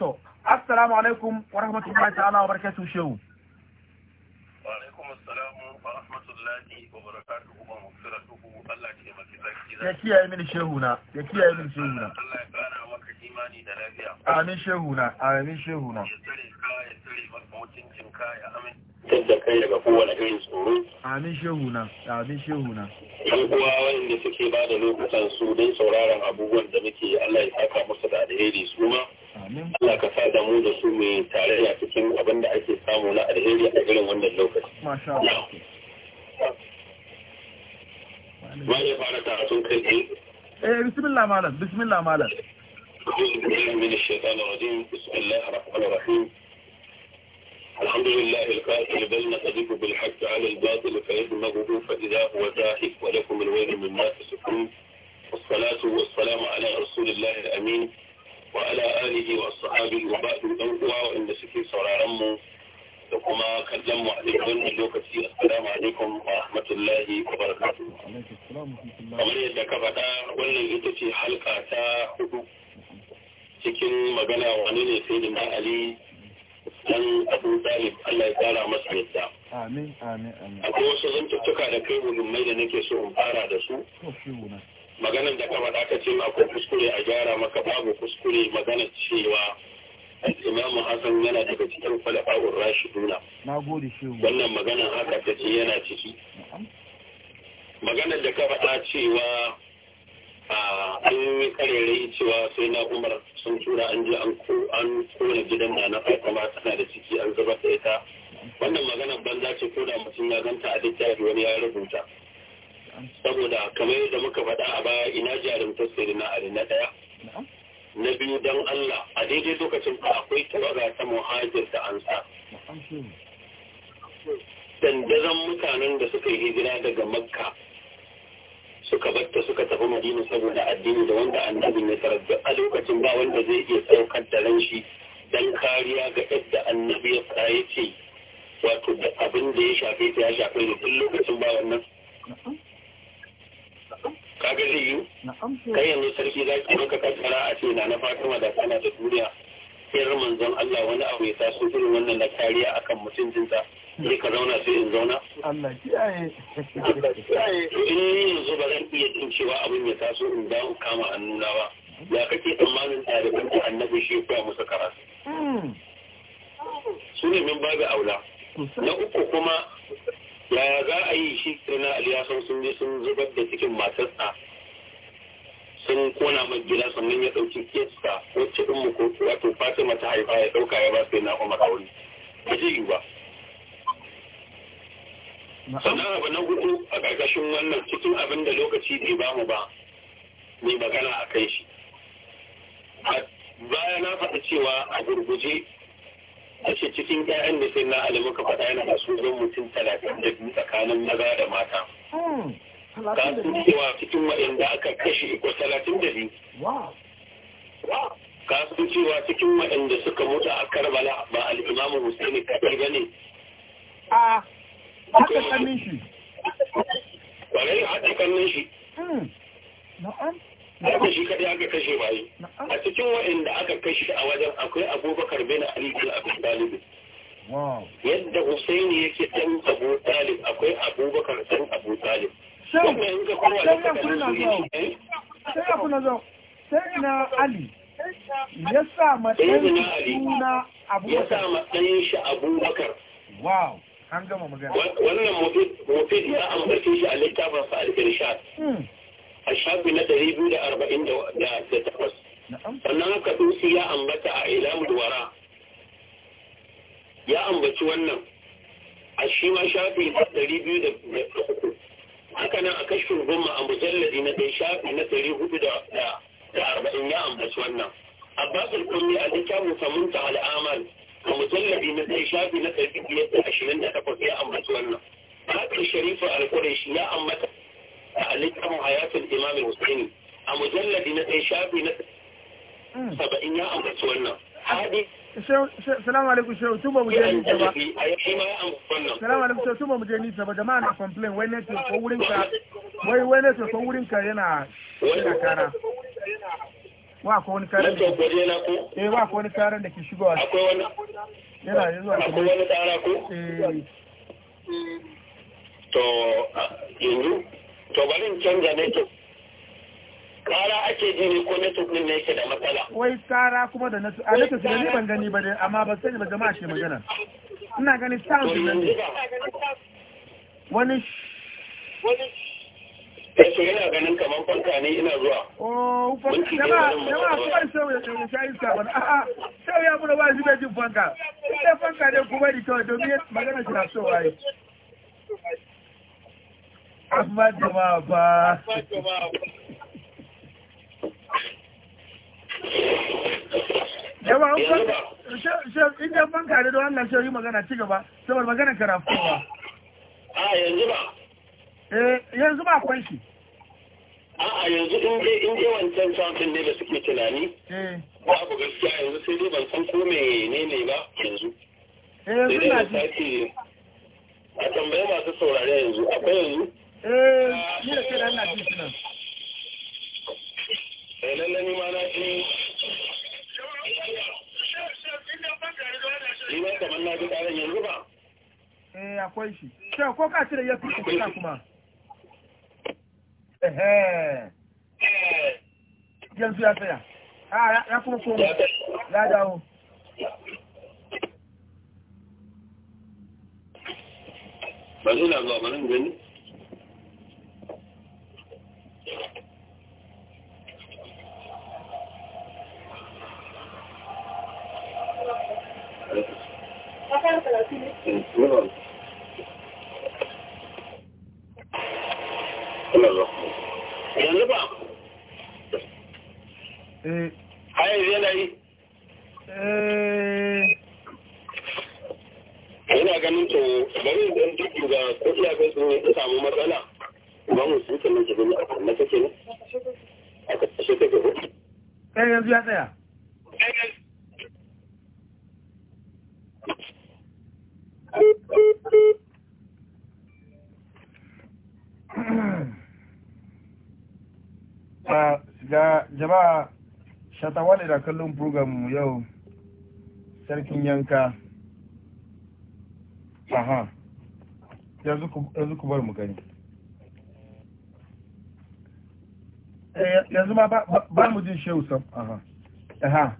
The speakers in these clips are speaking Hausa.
to assalamu alaikum wa rahmatullahi ta'ala wa barakatuhu shehu wa alaikum assalamu wa rahmatullahi wa barakatuhu wa mafsiratuhu Allah ke maki zaki ya kiyaye mini shehu na ya kiyaye mini shehu na Allah ya kara maka imani da lafiya amin shehu na amin shehu na ya tsare ka ya tsare maka mutuncin ka ya amin da kai daga kowane irin tsoro. Amin shehu na, amin shehu Yan uwa wanda suke ba da lokutan su don sauraron abubuwan da muke Allah ya saka musu da alheri su ma. Allah ka sa da mu da su mai tarayya cikin abin da ake samu na alheri a irin wannan lokaci. Masha Allah. Ba ya fara taratun kai ne. Eh bismillah malam, bismillah malam. بسم الله الرحمن الرحيم الحمد لله القائل بل نكذب بالحق على الباطل فيدمغه فإذا هو زاهق ولكم الويل مما تسكون والصلاة والسلام على رسول الله الأمين وعلى آله والصحابة وبعد الأنقوى وإن سكي صرارمه da kuma kallon mu a wannan lokaci assalamu alaikum wa rahmatullahi wa barakatuh kamar yadda ka faɗa wannan ita ce halka ta hudu cikin magana wani ne sai da ali dan abu dalib Allah ya tsara masa yadda amin amin amin akwai wasu zantuttuka da kai muhimmai da nake so in fara da su maganar da kama da aka ce ma akwai kuskure a gyara maka babu kuskure magana cewa imam hassan yana daga cikin falafa'ur rashiduna wannan magana haka ta ce yana ciki maganar da ka faɗa cewa an yi karerai cewa sai na umar sun tura an ji an kone gidan da na fatima tana da ciki an zubar da ita wannan magana banza ce ko da mutum ya ganta a littafi wani ya rubuta saboda kamar yadda muka faɗa a baya ina jarumtar sai na ali na ɗaya na biyu don allah a daidai lokacin ka akwai tawaga ta muhajir da ansa dandazon mutanen da suka yi hijira daga makka suka bata suka tafi madina saboda addini da wanda annabin ne tarar a lokacin ba wanda zai iya saukar da ran shi dan kariya ga yadda annabi ya fara ya ce wato da abin da ya shafe ta ya shafe da duk lokacin ba wannan kaga zai yi kai yanzu sarki za ki maka kankara a ce na na fatima da kana da duniya Yar manzon Allah wani abu ya taso irin wannan na kariya akan mutuncinsa sai ka zauna sai in zauna Allah kiyaye in yanzu ba zan iya jin cewa abin ya taso in mu kama annuna ba ya kake tsammanin ɗaliban da annabi shi ya musu karatu hmm. su ne min babu aula na uku kuma yaya za a yi shi na aliyasan sun je sun zubar da cikin matarsa sun kona mai gida sannan ya ɗauki kesa wacce ɗin muku wato fatima mata haifa ya ɗauka ya ba sai na umar aure ba zai yi ba sannan abu na hudu a ƙarƙashin wannan cikin abin da lokaci bai ba mu ba mai magana a kai shi baya na faɗi cewa a gurguje a ce cikin 'ya'yan da sai na ka faɗa yana da su zan mutum talatin da biyu tsakanin maza da mata hmm. kasu cewa cikin waɗanda aka kashe ko talatin da biyu kafin cewa cikin waɗanda suka mutu a karbala ba al'imamu husaini kaɗai ba ne a ah, haka kannin shi yi haka kannin shi hmm. haka shi kadai aka kashe ba yi a cikin waɗanda aka kashe a wajen akwai abubakar bin ali bin abin dalibin yadda Hussaini yake ɗan Abu Talib akwai Abubakar ɗan Abu Talib sai ya kuna zo eh? sai na ali ya sa matsayin suna abubakar shi abubakar wow an gama magana wannan mufid ya ambace shi a littafin sa al-irshad hmm. a shafi na 248 sannan haka dusi ya ambata a ilamul wara ya ambaci wannan a shi ma shafi na haka nan a kashfin gumma a mujalladi na dai shafi na ɗari hudu da arba'in ya ambaci wannan abbas al-kurmi a littafin samunta al'amal a mujalladi na dai shafi na ɗari biyar da ashirin da takwas ya ambaci wannan haka sharifu al-quraishi ya ambata a littafin hayatul imam husaini a mujalladi na dai shafi na hmm. saba'in ya ambaci wannan hadisi salamu alaikum shehu tun ba mu je nisa ba salamu alaikum shehu tun ba mu je nisa ba jama'a na complain wai ne ko wurin ka wai wai ko wurin ka yana yana kara wa ko wani karan da eh wa ko wani karan da ke akwai wani yana zuwa akwai wani tsara ko eh to yanzu to bari in canza to. kara ake jini ko network din ne yake da matsala wai kara kuma da nasu a network ne ban gani ba dai amma ba sani ba jama'a ce magana ina gani sound ne wani Yanzu yana eh, ganin kamar fanka ne ina zuwa. Oh, fanka. Jama'a, jama'a, kuma da sau ya shayi sabon. A'a, sau ya muna wazi bai jin fanka. Sai fanka ne kuma da kawai domin magana shi na so waye. Amma jama'a ba. Amma jama'a ba. yawa in da ban kare don Allah yi magana ci gaba saboda magana karafuwa a yanzu ba eh yanzu ba akwai shi a'a yanzu in dai wancan satin ne da suke tunani eh. ba abu gaskiya yanzu sai dai ban san ko ne ba yanzu eh yanzu na ji a tambaye masu saurare yanzu akwai yanzu eh ah, ni da kai na ji sunan sai eh, eh, akwai shi ko ka ya fi kuma yanzu ya tsaya ah, ya kuma ya dawo ba zuwa ba nan gani da kallon mu yau sarkin yanka aha yanzu ku bar mu gani eh, yanzu ma ba mu jin shehu sam aha aha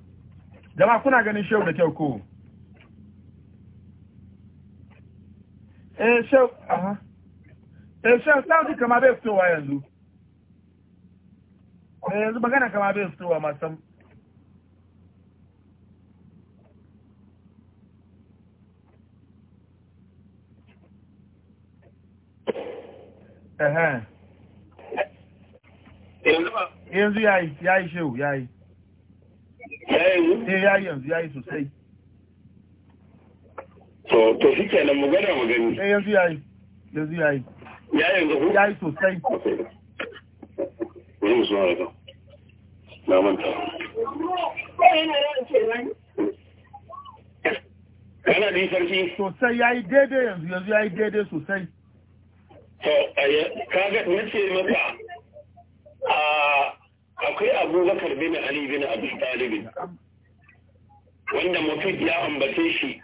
jama kuna ganin shehu da kyau ko eh shehu aha eh shehu sauti kama bai fitowa yanzu eh, yanzu magana kama bai fitowa masu yanzu ya yi yayi yayi shehu yi. Ya yi eh, yanzu ya yi sosai to to shike nan mu gana mu gani eh yanzu yi yanzu ya yi. Ya yi sosai wani musu mara daidai yanzu yanzu yi daidai sosai kaga nace maka akwai abubakar bin ali bin abu talibin wanda mutum ya ambace shi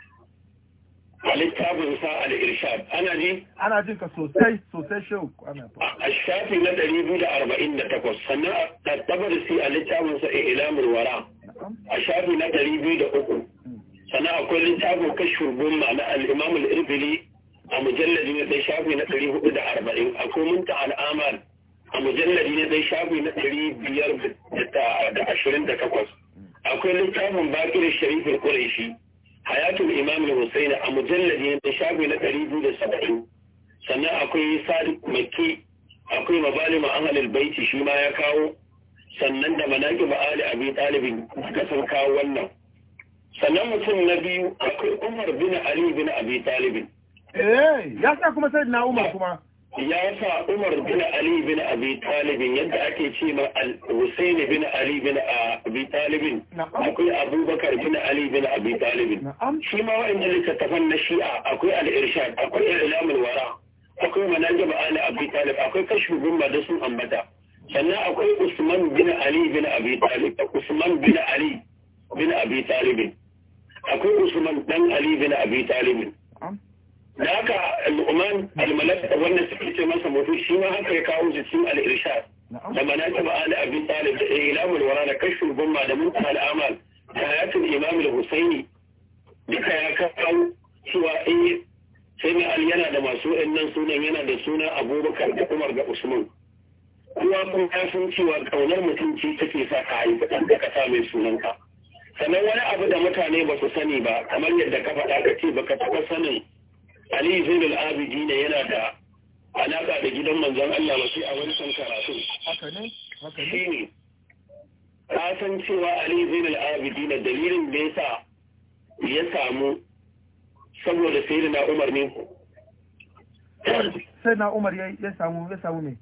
a littafin sa al-irshad ana ji ana jin ka sosai sosai shau a shafi na 248 sannan a tabarisi a littafin sa ilamul wara a shafi na 203 mm. sannan akwai littafin kashfur gumma na al-imam al-irbili a mujalladi na ɗaya shafi na ɗari hudu da arba'in A kominta al'amal a mujalladi na ɗaya shafi na ɗari biyar da ashirin da takwas akwai littafin bakir sharifin ƙuraishi hayatul imam al-husayn a mujalladi na ɗaya shafi na ɗari biyu da saba'in sannan akwai sadiq makki akwai ma ahlul baiti shi ma ya kawo sannan da manaqib ali abi talibin duka sun kawo wannan sannan mutum na biyu akwai umar bin ali bin abi talibin Eh, ya sa kuma sai na umar kuma ya sa umar bin ali bin abi talibin yadda ake ce ma husaini bin ali bin abi talibin akwai abubakar bin ali bin abi talibin shi ma wa'annan littattafan na shi'a akwai al-irshad akwai ilamul wara akwai manajib ali abi talib akwai kashfu bin da sun ambata sannan akwai usman bin ali bin abi talib usman bin ali bin abi talibin akwai usman dan ali bin abi talibin da haka al'umman almalak da wannan suke ce masa mutu shi ma haka ya kawo jikin al'irshad da ba ala abin talib da ilamul wara da kashful gumma da muntaha al'amal da hayatul imam al-husaini duka ya kawo cewa yi eh, sai mai ali yana da masu nan sunan yana da suna abubakar da umar da usman kuma kun san cewa kaunar mutunci ce take sa ka haifi ɗan da ka sa mai sunanka sannan wani abu da mutane ba su sani ba kamar yadda ka faɗa ka ce baka taɓa sanin Ali Zain al-Abidin yana da alaka da gidan manzan Allah ba shi a wancan karatu. Haka ne? Haka ne? Shine. Ka san cewa Ali Zain al-Abidin dalilin da yasa ya samu saboda sayyidina Umar ne. Sayyidina Umar ya samu ya samu ne.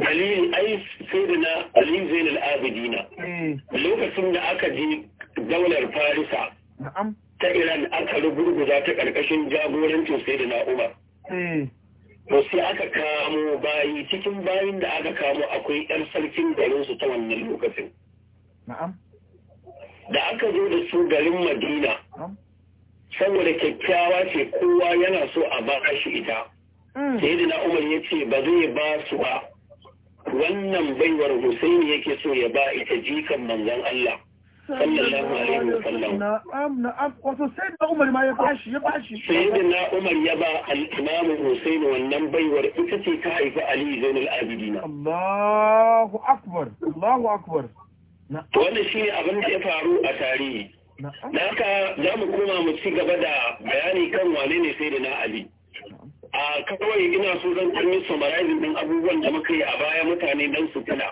dalilin ai sai da na alin zainal abidina eh. lokacin da aka je daular farisa ta iran aka rugurguza ta ƙarƙashin jagorancin sai da na'umar hmm. to sai aka kamo bayi cikin bayin da aka kamo akwai yar sarkin garinsu ta wannan lokacin da aka zo da su garin madina saboda kyakkyawa ce kowa yana so a ba shi ita hmm. sai da na'umar ya ce ba zai ba su ba wannan baiwar Hussaini yake so ya ba ita jikan manzon Allah sai da Umar ma ya sayyidina Umar ya ba al'imamu imam Hussein wannan baiwar ita ce ta haifi Ali Zainul Abidin Allahu akbar Allahu akbar shi shine abin da ya faru a tarihi naka za mu koma mu ci gaba da bayani kan wane ne sayyidina Ali a kawai ina so zan kan yi summarizing din abubuwan da muka yi a baya mutane dan su tana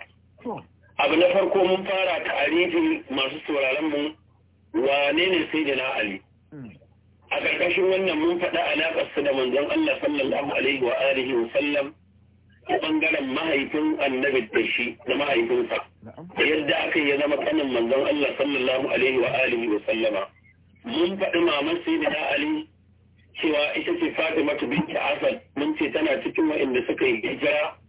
abu na farko mun fara tarihin masu sauraron mu wane ne sai da na ali hmm. a ƙarƙashin wannan mun faɗa su da manzon Allah sallallahu alaihi wa alihi wa sallam ko bangaren mahaifin annabi da shi da mahaifinsa da yadda aka yi zama kanin manzon Allah sallallahu alaihi wa alihi wa sallama mun faɗi maman sai da ali cewa ita ce Fatima binti Asad mun ce tana cikin waɗanda suka yi hijira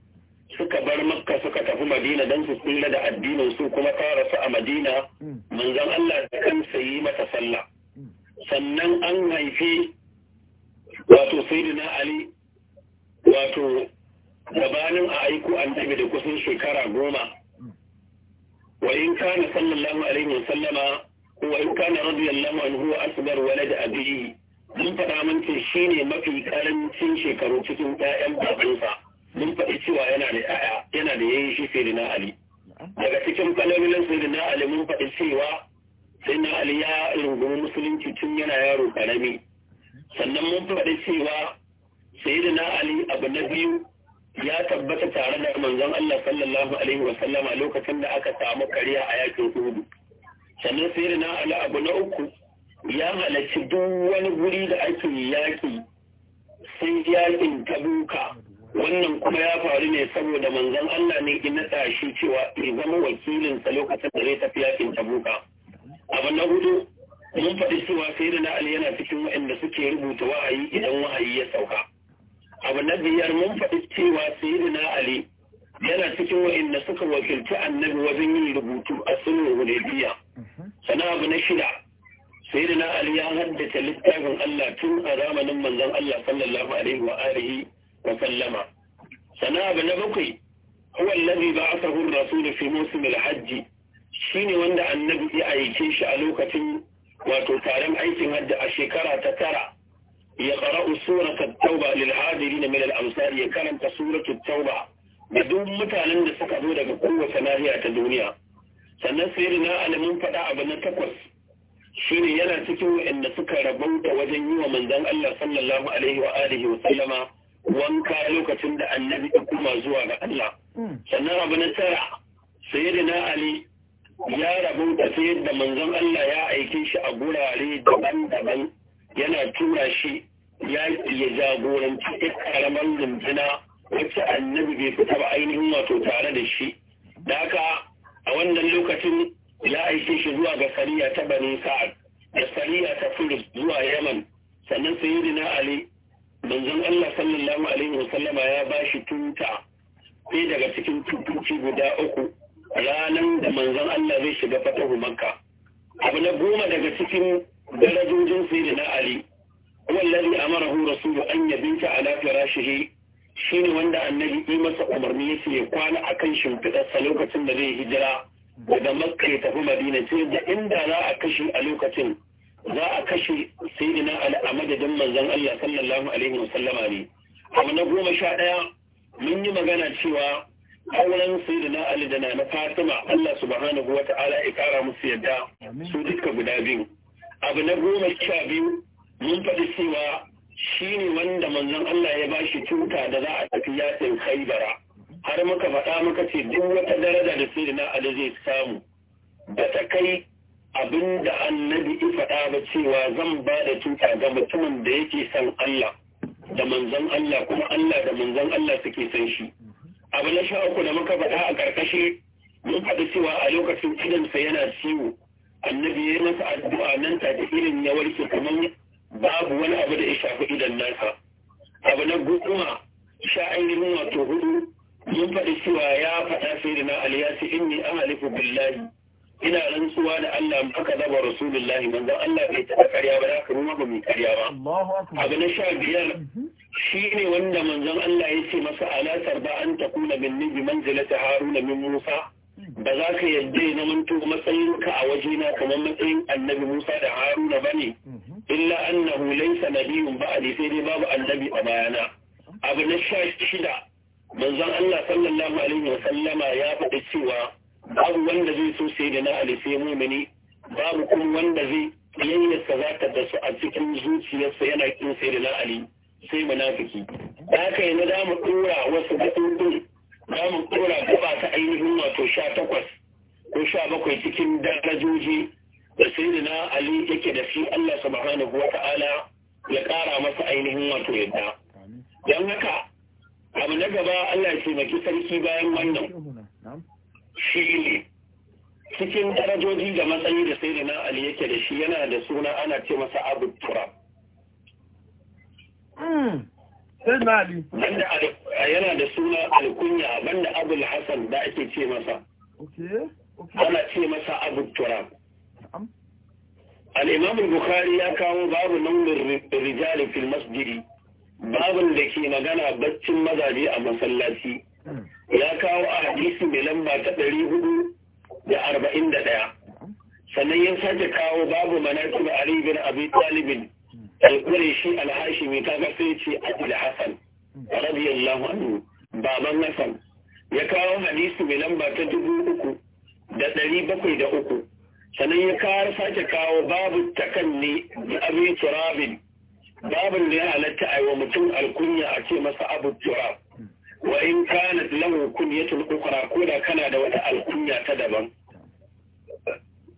suka bar makka suka tafi madina don su kula da addinin su kuma ta rasu a madina mm. manzon Allah da kansa yi mata sallah mm. sannan an haifi wato sayyidina ali wato gabanin a aiko annabi da kusan shekara goma mm. wa in kana sallallahu alaihi wa sallama wa in kana radiyallahu anhu asbar walad abihi mun faɗa mun ce shine mafi karancin shekaru cikin ƴaƴan babansa mun faɗi cewa yana da ya'ya yana da yayin shi sai na ali daga cikin kalolin sai na ali mun faɗi cewa sai na ali ya rungumi musulunci tun yana yaro ƙarami sannan mun faɗi cewa sai na ali abu na biyu ya tabbata tare da manzon Allah sallallahu alaihi wa sallama lokacin da aka samu kariya a yakin Uhud sannan sai na ali abu na uku ya halarci duk wani guri da ake yaƙi sai yakin tabuka wannan kuma ya faru ne saboda manzon Allah ne in naɗa shi cewa ya zama wakilinsa lokacin da zai tafi yakin tabuka abu na hudu mun faɗi cewa sai Ali yana cikin waɗanda suke rubuta wa'ayi idan wa'ayi ya sauka abu na biyar mun faɗi cewa sai Ali yana cikin waɗanda suka wakilci annabi wajen yin rubutu a sunan hudaybiya sana abu na shida sai da Ali ya haddace littafin Allah tun a zamanin manzon Allah sallallahu alaihi wa alihi وسلم سناب نبقي هو الذي بعثه الرسول في موسم الحج shine wanda annabi ya aike shi a lokacin wato taron aikin hajji a shekara ta tara ya qara'u suratul tauba lil hadirin min al ya karanta suratul tauba da duk mutanen da suka zo daga kowace nahiya ta duniya sannan sai na alamin faɗa abu na takwas shine yana cikin wanda suka rabauta wajen yi wa manzon Allah sallallahu alaihi wa wa sallama wanka lokacin da annabi ya kuma zuwa ga Allah hmm. sannan abu na tara na ali ya rabu da sayar da manzon Allah ya aike shi a gurare daban-daban yana tura shi ya ya jagoranci ita karamar lumfina wacce annabi bai fita ba ainihin wato tare da shi da haka a wannan lokacin ya aike shi zuwa ga sariya ta bani sa'ad da sariya ta furis zuwa yaman sannan na ali manzon Allah sallallahu alaihi wasallama ya ba shi tuta sai daga cikin tutuci guda uku ranar da manzon Allah zai shiga fatahu makka abu na goma daga cikin darajojin sai na Ali wallazi amarahu rasulu an yabinta ala firashihi shine wanda annabi yi masa umarni yace ya kwana akan shimfiɗarsa lokacin da zai hijira daga makka ya tafi madina ce da inda za a kashe a lokacin za a kashe sayyidina ali a madadin manzon Allah sallallahu alaihi wa sallama ne abu na goma sha ɗaya mun yi magana cewa auren sayyidina ali da na fatima Allah subhanahu wa ta'ala ya kara musu yadda su duka guda biyu abu na goma sha biyu mun faɗi cewa shi ne wanda manzon Allah ya bashi tuta da za a tafi yasin khaibara har muka faɗa muka ce duk wata daraja da sayyidina ali zai samu da ta kai abin da annabi ya faɗa ba cewa zan ba da tuta ga mutumin da yake san Allah da manzon Allah kuma Allah da manzon Allah suke san shi abu na sha uku da muka faɗa a ƙarƙashi mun faɗi cewa a lokacin idansa yana ciwo annabi ya masa addu'a nan ta da irin ya warke kamar babu wani abu da ya shafi idan nasa abu na goma sha ainihin wato hudu mun faɗi cewa ya faɗa sai da na aliyasi inni ahalifu billahi ina rantsuwa da Allah ma ka zaba rasulullahi manzon Allah bai taɓa ƙarya ba haka mu ba mu ƙarya ba abu na sha biyar mhm. shi ne wanda manzon Allah ya ce masa alatar ba an ta kuna bin nabi manzilata haruna min musa ba za ka yadda ya zamanto matsayinka a wajena kamar matsayin annabi musa da haruna ba ne mhm. illa annahu laysa nabiyyun ba'di sai dai babu annabi a bayana abu na sha shida manzon Allah sallallahu alaihi wa sallama ya faɗi cewa babu wanda zai so sai da na sai mumini babu kuma wanda zai yayyarsa za ta dasu a cikin zuciyarsa yana kin sai da na ali sai munafiki da haka yana za mu dora wasu gaɓoɓin za mu dora gaba ta ainihin wato sha takwas ko sha bakwai cikin darajoji da sai da na ali yake da shi Allah subhanahu wa ta'ala ya ƙara masa ainihin wato yadda don haka abu na gaba Allah ya taimaki sarki bayan wannan shi ne cikin darajoji da matsayi da sai na Ali yake da shi yana da suna ana ce masa abu turab. Hmm. yana da suna alkunya banda abu hasan da ake ce masa. Ana ce masa abu turab. ya kawo babu باب rijali fil masjidi المسجد da ke magana baccin mazaje a Masallaci. ya kawo a hadisi mai lamba ta ɗari hudu da arba'in da ɗaya sannan ya sake kawo babu manasib ali bin abi talibin al shi al-hashimi ta sai ce abul hasan radiyallahu anhu baban hasan ya kawo hadisi mai lamba ta dubu uku da ɗari bakwai da uku sannan ya kawo sake kawo babu takanni da abu turabin babin da ya halatta a yi wa mutum alkunya a ce masa abu turab wa in kana lahu kunyatul ukhra ko da kana da wata alkunya ta daban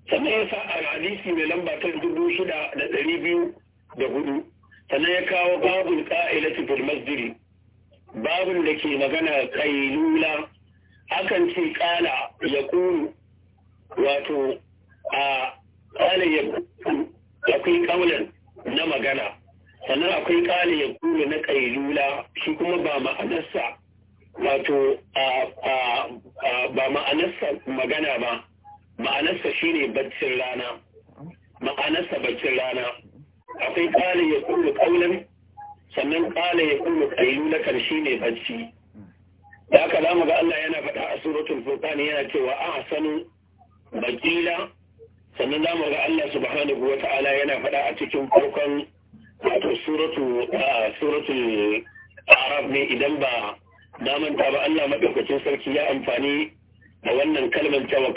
sannan ya sa a hadisi mai lamba ta dubu shida da ɗari biyu da hudu sannan ya kawo babun ƙa'ilati fil masjidi babun da ke magana kailula akan ce ƙala ya kuru wato a ƙala ya akwai ƙaunar na magana sannan akwai ƙala ya kuru na kailula shi kuma ba ma'anarsa wato ba ma'anarsa magana ba ma'anarsa shine baccin rana ma'anarsa baccin rana akwai kala ya kullu kaulin sannan kala ya na kailulakan ne bacci da haka za mu ga Allah yana faɗa a suratul furqan yana cewa a sanu, bakila sannan za mu ga Allah subhanahu wa ta'ala yana faɗa a cikin farkon wato suratul suratul arab ne idan ba da manta ba Allah madaukakin sarki ya amfani da wannan kalmar ta wa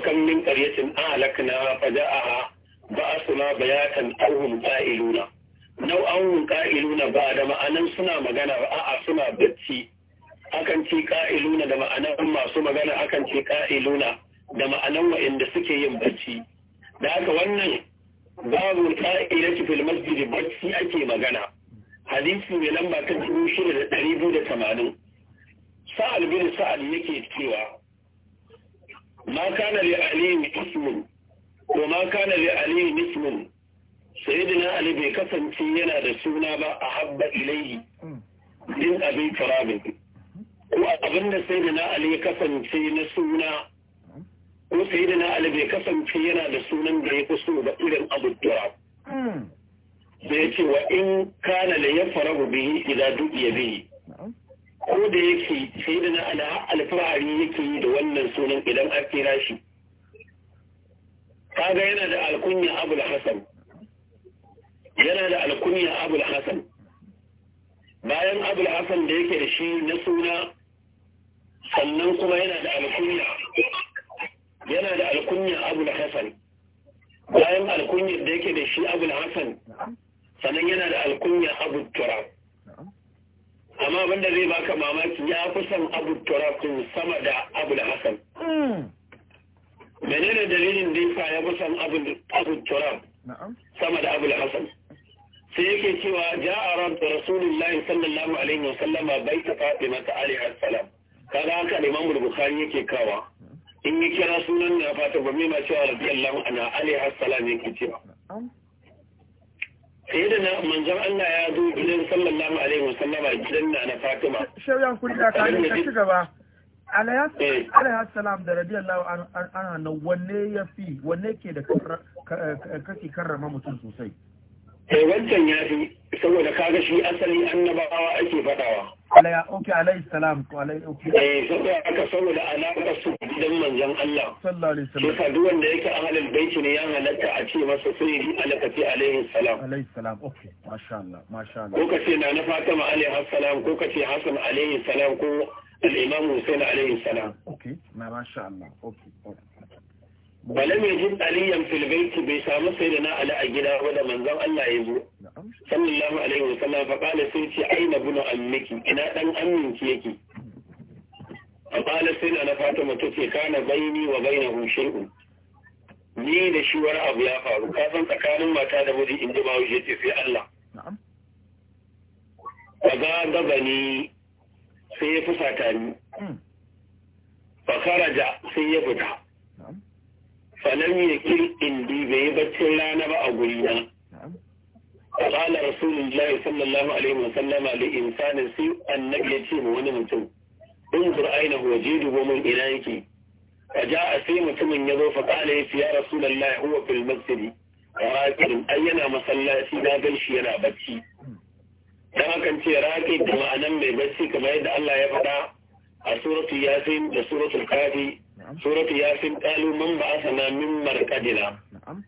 kam min qaryatin ahlakna Ba ba'athuna bayatan awhum qa'iluna nau awhum qa'iluna ba da ma'anan suna magana ba a'a suna bacci akan ce qa'iluna da ma'anan masu magana akan ce qa'iluna da ma'anan wa'anda suke yin bacci da haka wannan babu qa'ilati fil masjid bacci ake magana hadisi mai lamba ta dubu shida da ɗari tamanin sa'ad bin sa'ad yake cewa ma kana li aliyu ismun ko ma kana li aliyu ismun sayyidina ali bai kasance yana da suna ba a habba ilayi din abin karamin ko abin da sayyidina ali ya kasance na suna ko sayyidina ali bai kasance yana da sunan da ya kuso ba irin abu turab da hmm. ya ce wa in kana ya yafragu bihi idadu iya bihi ko da yake sai da na alfahari yake yi da wannan sunan idan an kira shi kaga yana da alkunya abul hasan yana da alkunya abul hasan bayan abul hasan da yake da shi na suna sannan kuma yana da alkunya yana da alkunya abul hasan bayan alkunya da yake da shi abul hasan sannan yana da alkunya abul turab amma abinda zai baka mamaki ya fi son abu turakun sama da abu da hasan hmm. menene dalilin da yasa ya fi son abu turaf sama da abu da hasan sai yake cewa ja'a rabbi rasulullahi sallallahu alaihi wa sallama baita fatima ta alaihi assalam kaga haka imam bukhari yake kawa hmm. in yake kira sunan na fata ba mai ma cewa radiyallahu anha alaihi assalam yake cewa sai da na manzon Allah ya zo gidan sallallahu alaihi wasallam a gidan na na Fatima sai yan kuri da kai ka ci gaba alayhi eh. salam da radiyallahu anha na wanne ya fi wanne ke da kake karrama mutum sosai eh wancan ya fi saboda kaga shi asali annabawa ake faɗawa. Alaya, oke alayhi salam ko alayhi oke. Eh, saboda aka saboda alaƙa su gidan manzon Allah. Sallallahu alaihi wasallam. Sai duk wanda yake ahlul baiti ne ya halatta a ce masa sayyidi alakati alaihi salam. Alaihi salam, oke. Masha Allah, masha Allah. Ko ka ce na na Fatima alaihi salam ko ka ce Hassan alaihi salam ko al-Imam Hussein alaihi salam. Oke, na masha Allah. Oke, oke. balam yajid aliyan fil baiti bai samu da ali a gida ba da manzon Allah ya zo sallallahu alaihi wa sallam fa qala sai ce aina bunu ammiki ina dan aminki yake a qala sai na fatima ce kana baini wa bainahu shay'un ni da shi wani abu ya faru ka san tsakanin mata da miji in ji ba wuce ce sai Allah ka ga gaba ni sai ya fusata ni hmm. fa karaja sai ya fita falam yakin indi bai yi baccin rana ba a guri na قال رسول الله صلى الله عليه وسلم لإنسان سيء النبي يتيم ونمتم انظر أين هو جيده ومن إليك فجاء في متم يضو فقال يا رسول الله هو في المسجد راكب أينا مسلاتي لا بلشي ينا بكي dan hakan ce raƙi da ma'anan mai bacci kamar yadda Allah ya faɗa a suratul yasin da suratul kafi suratu yasin qalu man ba'athana min marqadina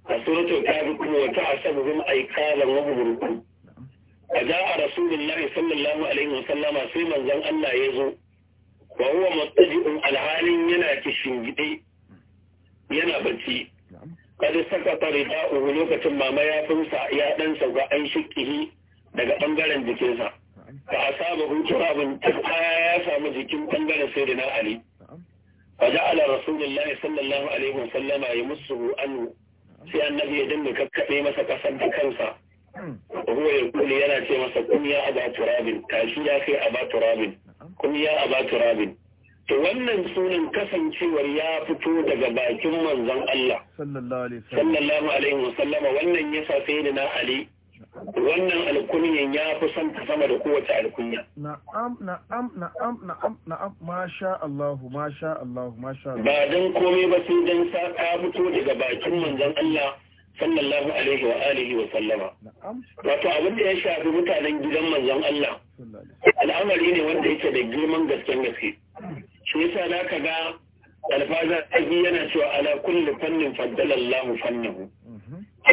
a suratu kafi kuma A ta'asabuhum aikalan wa hum ruku فجاء رسول الله صلى الله عليه وسلم في من زن الله يزو وهو مضطجئ على حال ينا كشنجدي ينا بنتي قد سقط رداؤه لوكة ما ما يفنسى يا دنسى وعن شكه daga ɓangaren jikinsa ba a saba hutu abin ta ya samu jikin ɓangaren sai da na ali فجعل رسول الله صلى الله عليه وسلم يمسه أنه sai annabi ya dinga kakkaɓe masa ƙasar da kansa ruwa ya kuli yana ce masa kun ya aba turabin tashi ya kai aba turabin to wannan sunan kasancewar ya fito daga bakin manzon Allah sallallahu alaihi wa wannan ya sai na Ali wannan alkunyan ya fi son ta sama da kowace alkunya na'am na'am na'am na'am na'am masha Allahu masha Allahu masha Allahu ba don komai ba sai don sa ka fito daga bakin manzon Allah sallallahu alaihi wa alihi wa sallama wato abin da ya shafi mutanen gidan manzon Allah al'amari ne wanda yake da girman gasken gaske shi yasa ka ga alfaza tabi yana cewa ala kulli fannin faddala Allahu fannahu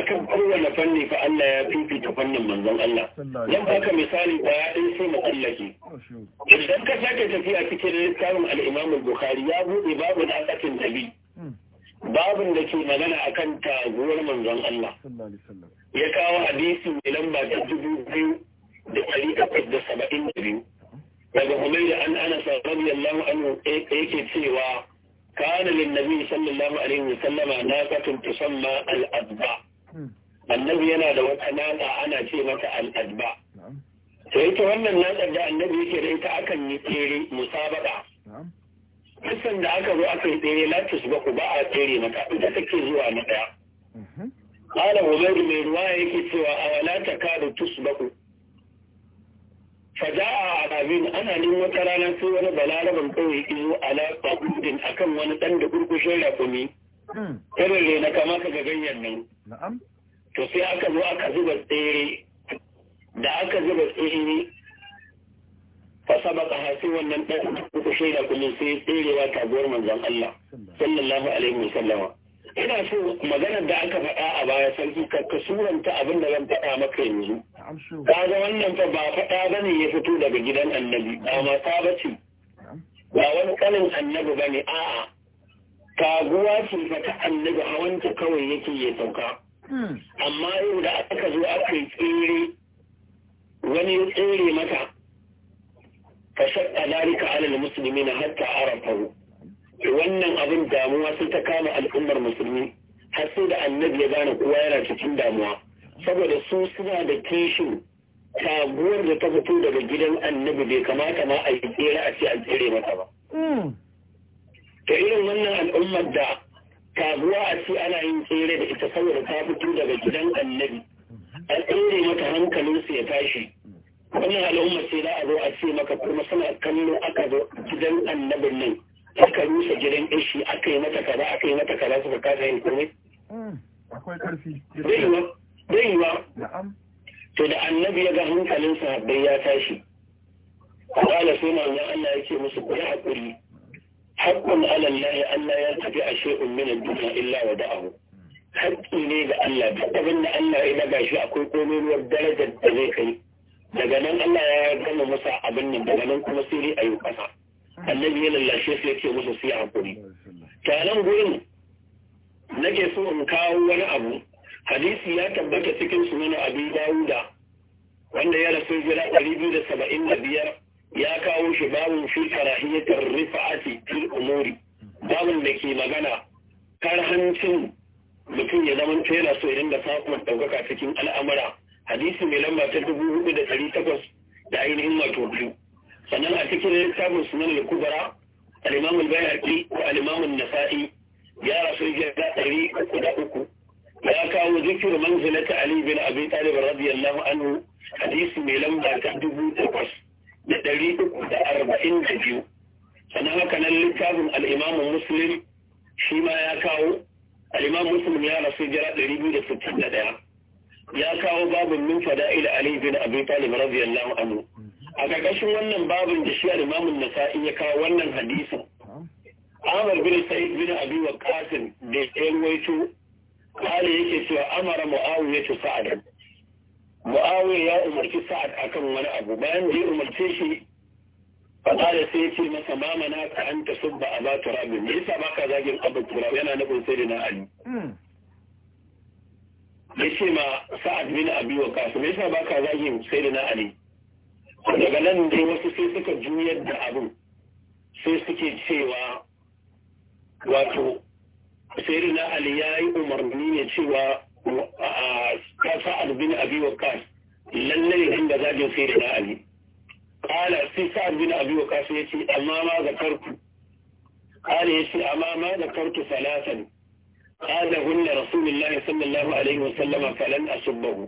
akan kowane fanni fa Allah ya fifita fannin manzon Allah zan baka misali ba ya sai mu tsallake oh, idan ka sake tafiya cikin littafin al-Imam Bukhari ya buɗe babu da akatin nabi hmm. babin da ke magana akan taguwar manzon Allah ya kawo hadisi mai lamba ta dubu biyu da ɗari takwas da saba'in da biyu daga Humayya an ana sa radiyallahu anhu yake cewa كان للنبي صلى الله عليه وسلم ناقة تسمى الأضبع annabi yana da wata nata ana ce mata al'adba to ita wannan natsar da annabi yake da ita akan yi tere musabada kusan da aka zo aka yi tere latus ba ku ba a tere mata ita take zuwa na daya ƙala mhm. umaru mai ruwa yake cewa a wala ta kada tusbaku fa za'a arabin ana nin wata rana sai wani balarabin kawai ya zo ala ƙa'udin akan wani ɗan da kurkushin rakumi Hmm. irin ne na kama ka ganyen nan na'am to sai aka zo aka zuba tsere da aka zuba tsere saba ka hasi wannan ɗan uku shaida kullum sai tserewa tabuwar manzon Allah sallallahu alaihi wa sallama. ina so maganar da aka faɗa a baya sarki ka suranta abin da zan faɗa maka yanzu kaga wannan fa ba faɗa ba ne ya fito daga gidan annabi ba ma ba wani kanin annabi ne. a'a kaguwa ce fa ta annabi hawanta kawai yake ya sauka hmm. amma yau da aka zo aka yi tsere wani ya tsere mata ka shakka dalika alal musulmi na hatta arafahu wannan abin damuwa sun ta kama al'ummar musulmi har sai da annabi ya gane kowa yana cikin damuwa saboda su suna da kishin kaguwar da ta fito daga gidan annabi bai kamata ma a yi tsere a ce an tsere mata ba hmm. to irin wannan al'ummar da kaguwa a ce ana yin tsere da ita saboda ta fito daga gidan annabi a tsere mata hankalinsu ya tashi wannan al'ummar sai za a zo a ce maka kuma suna kallo aka zo gidan annabin nan aka rusa gidan ishi aka yi mata kaza aka yi mata kaza suka kasa yin komai mm, akwai karfi zai yiwa zai yiwa to da annabi ya ga hankalinsa bai ya tashi a sai manzon Allah ya ce musu ku yi haƙuri haƙƙun alallahi Allah ya tafi a shi'un minan duniya illa wa da'ahu haƙƙi ne ga Allah duk abin da Allah ya daga shi akwai komai darajar da zai kai daga nan Allah ya gama masa abin nan daga nan kuma sai dai a yi ƙasa annabi ya lallashe su yake musu su a haƙuri taron gurin nake so in kawo wani abu hadisi ya tabbata cikin sunan abi dawuda wanda ya rasu jira ɗari biyu da saba'in da biyar ya kawo shi babu fi karahiyatar rifa'ati fil umuri babun da ke magana karhancin mutum ya zama yana so idan da samun ɗaukaka cikin al'amura hadisi mai lamba ta dubu hudu da ɗari takwas da ainihin wato biyu sannan a cikin littafin sunan al-kubra alimamun imam al ko alimamun nasai ya rasu jira ɗari uku da uku ya kawo zikir manzilata ali bin abi talib radiyallahu anhu hadisi mai lamba ta dubu takwas da ɗari uku da arba'in da biyu sannan haka nan littafin al'imamu muslim shi ma ya kawo al'imamu muslim ya rasu jira ɗari biyu da sittin da ɗaya ya kawo babin min fada'il ali bin abi talib radiyallahu anhu a ƙarƙashin wannan babin da shi al'imamun nasa'i ya kawo wannan hadisin Amar bin Sa'id bin Abi Waqqas da ya rawaito kale yake cewa amara Muawiya ta mu'awiya ya umarci sa'ad akan wani abu bayan da ya umarce shi faɗaɗa sai ya ce masa ma mana ka an ta subba a ba turabin me yasa ba ka zagin abu turab yana nufin sai da na ali hmm. ya ce ma sa'ad bin abi wa kasu me yasa ba ka zagin sai da na ali daga nan dai wasu sai suka juyar da abin sai suke cewa wato sai da na ali ya yi umarni ne cewa a ya sa'ad bin abi kas? lallai da zagin sai da ali qala sai sa'ad bin abi waqas yace amma ma zakarku qala yace amma ma karku salasan qala hunna rasulullah sallallahu alaihi wa sallam falan asubbahu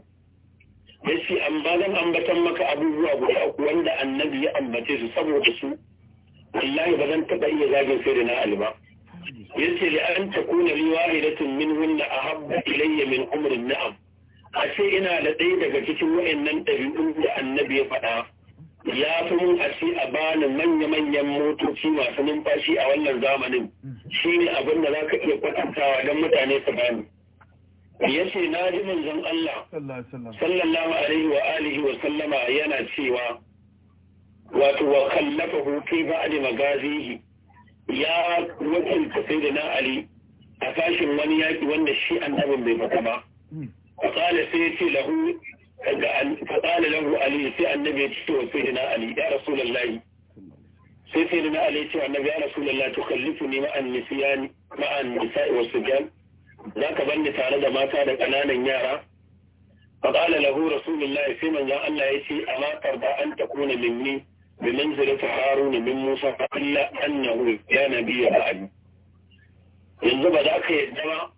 yace an ba zan ambatan maka abubuwa guda uku wanda annabi ya ambace su saboda su wallahi ba zan taɓa iya zagin sai da na ali ba yace li an takuna li wahidatin minhunna ahabba ilayya min umrin na'am a ce ina da ɗaya daga cikin wa'annan ɗabi'un da annabi ya faɗa ya fi mun a ce a bani manya-manyan motoci masu numfashi a wannan zamanin shi ne abin da za ka iya kwatantawa don mutane su bani ya ce na ji manzon Allah sallallahu alaihi wa alihi wa sallama yana cewa wato wa kallafa hukai ba'adi magazihi ya wakilta sai da na Ali a fashin wani yaƙi wanda shi annabin bai fata ba فقال سيتي له فقال له علي في النبي تشتوى سيدنا علي يا رسول الله سيدنا علي تشتوى النبي يا رسول الله تخلفني مع النسيان مع النساء والسجان ذاك بني تعالى ما كان الأنان النارة فقال له رسول الله في من جاء الله يتي أما ترضى أن تكون مني بمنزلة هارون من موسى له أنه يا نبي بعد ينزل ذاك الدواء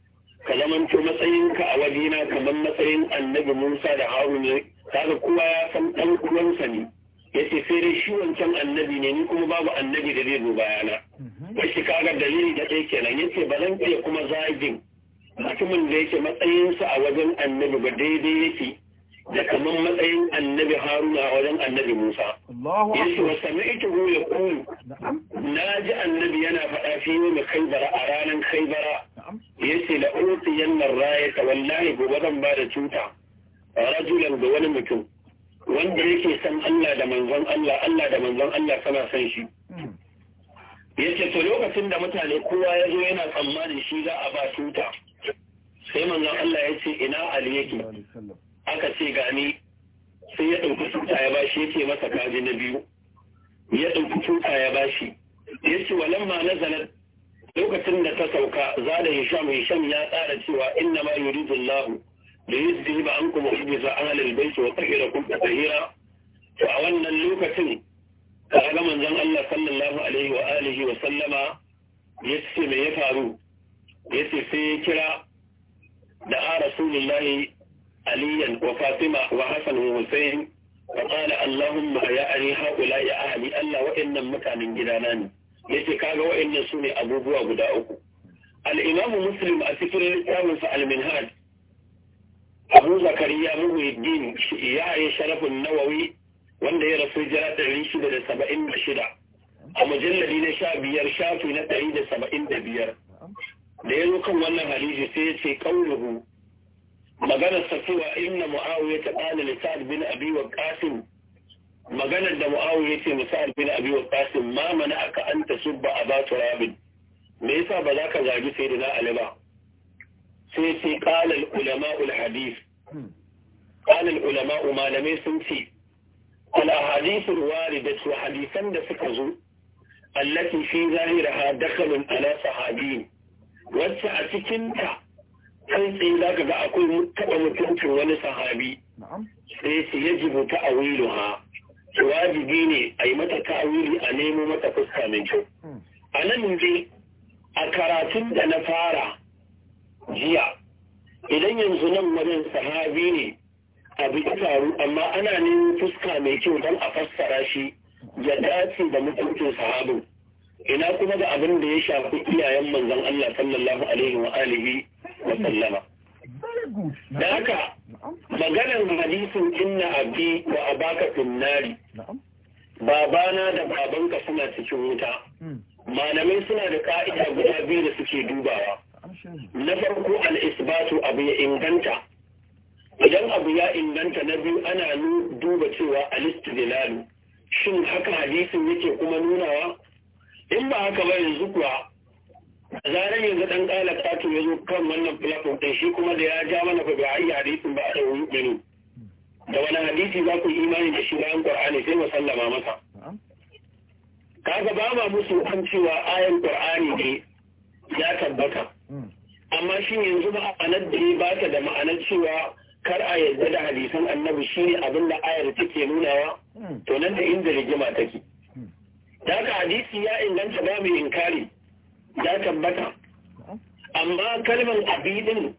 ka matsayin matsayinka a wajena kamar matsayin annabi Musa da Harun ne kaga kowa ya san dan uwansa ne yace sai dai shi wancan annabi ne ni kuma babu annabi da zai zo bayana wace mhm. kaga dalili da ɗaya kenan yace ba zan iya kuma zagin mutumin da yake matsayinsa a wajen annabi ba daidai yake da kamar matsayin annabi haruna a wajen annabi musa yace wa sami'tu ya yaqul na ji annabi yana faɗa mai kai bara a ranar bara. yace la utiyanna rayata wallahi gobe zan ba da cuta rajulan da wani mutum wanda yake san Allah da manzon Allah Allah da manzon Allah sana san shi yace to lokacin da mutane kowa ya zo yana tsammanin shi za a ba cuta. sai manzon Allah ya ce ina Ali yake aka ce gani sai ya ɗauki cuta ya bashi ya ce masa kaji na biyu ya ɗauki cuta ya bashi ya ce walamma zanar. lokacin da ta sauka zada hisham hisham ya tsara cewa inna ma yuridu Allah da yi ba an kuma hujjisa ahlul bait wa tahira kum tahira to a wannan lokacin kaga manzon Allah sallallahu alaihi wa alihi wa sallama ce me ya faru ce sai ya kira da rasulullahi aliyan wa fatima wa hasan wa husain فقال اللهم يا أهل allah أهلي mutanen gida na ne. yace kaga wa'annan su ne abubuwa guda uku al-imamu a cikin littafinsa al-minhaj abu zakariya muhuddin ya yi sharafin nawawi wanda ya rasu jira ɗari shida da saba'in da shida a mujallari na sha biyar shafi na ɗari da saba'in da biyar da ya zo kan wannan hadisi sai ya ce kauluhu maganar sa cewa inna mu'awiya ta ƙana lisa'ad bin abi wa maganar da mu'awiya yace misal a abi waqas ma mana aka anta subba aba turabin me yasa ba za ka zagi sayyidina ali ba sai ce qala ulama al hadith hmm. ulama malamai sun ce al ahadith al waridatu hadisan da suka zo allati fi ha, dakalin ala sahabi wacce a cikin ta tsaye za ka ga akwai taɓa mutuncin wani sahabi sai su yajibu ta ha. wajibi ne a yi mata ta'awuri a nemo mata fuska mai kyau hmm. a nan ne a karatun da na fara jiya idan yanzu nan wajen sahabi ne a ta faru amma ana neman fuska mai kyau don a fassara shi ya dace da mutuncin sahabin ina kuma da abin da ya shafi iyayen manzon Allah sallallahu alaihi wa alihi wa sallama da maganar hadisin inna abi wa abaka finnari babana da babanka suna cikin wuta hmm. malamai suna da ka'ida guda biyu da suke dubawa na farko al'isbatu abu ya inganta idan abu ya inganta na biyu ana duba cewa alistidlalu shin haka hadisin yake kuma nunawa in ba haka ba yanzu kuwa zaren yanzu dan kala katu ya zo kan wannan platform ɗin shi kuma da ya ja mana ba ba ai hadisin ba a da wani da wani hadisi za ku imani da shi bayan ƙwar'ani sai mu sallama masa kaga ba ma musu an cewa ayan ƙwar'ani ne ya tabbata mm. amma shi yanzu ma'anar da ba ta da ma'anar cewa kar a yarda da hadisan annabi shi ne abin da ayar take nunawa mm. to nan da inda rigima take mm. ke. hadisi ya inganta ba mai inkari ya tabbata amma kalmar abidin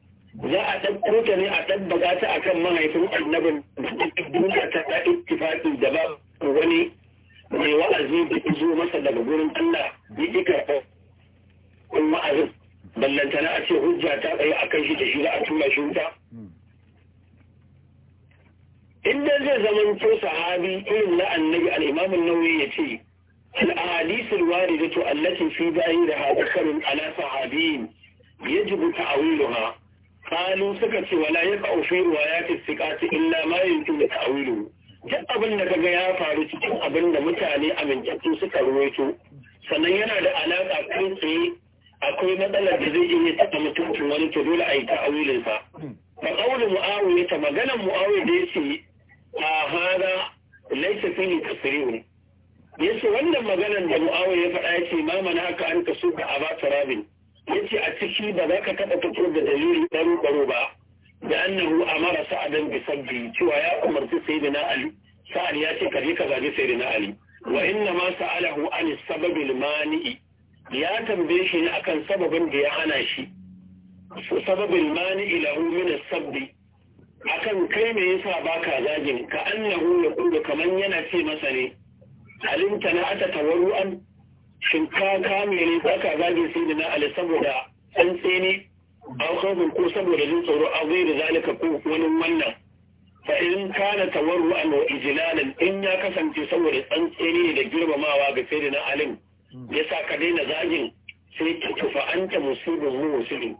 za a ɗauko ta ne a ɗabbaka ta akan mahaifin annabin duniya ta ta ittifaqi da ba wani mai wa'azi da zo masa daga gurin Allah ya ƙi in ma'azin ballantana a ce hujja ta tsaye a kan shi da shi za a tura shi wuta inda zai zaman to sahabi irin na annabi alimamin nauyi ya ce الأحاديث الواردة التي في ظاهرها ذكر على صحابي يجب تعويلها قالوا سكت ولا يقع في روايات الثقات إلا ما يمكن تعويله duk abin da kaga ya faru cikin abin da mutane amintattu suka ruwaito sannan yana da alaƙa kai tsaye akwai matsalar da zai iya taɓa mutuncin wani to dole a yi ta'awilin sa ba ƙaunin mu'awiyata maganar mu'awiyar da ya ce a hada laifin fihi tasirihun yace wannan maganar da mu'awar ya faɗa yace ma mana haka an kasu da abata rabin yace a ciki ba za ka taɓa fito da dalili ɗaru-ɗaru ba da annahu amara sa'adan bi sabbi cewa ya umarci sayyidina ali sa'ad ya ce kaje ka zabi sayyidina ali wa inna ma sa'alahu an sababil mani'i ya tambaye shi ne akan sababin da ya hana shi sababin mani'i lahu min sabbi akan kai me yasa baka zagin ka annahu ya kullu kaman yana ce masa ne alimta na aka tawaru an shin ka kame ne ba ka zage sai da na ali saboda an tsene aw ko saboda jin tsoro a da zalika ko wani wannan fa in kana tawaru an wa ijlalan in ya kasance saboda tsantsene ne da girmamawa ga sai da na alim yasa ka daina zagin sai ki tufa an ta musibin mu musibin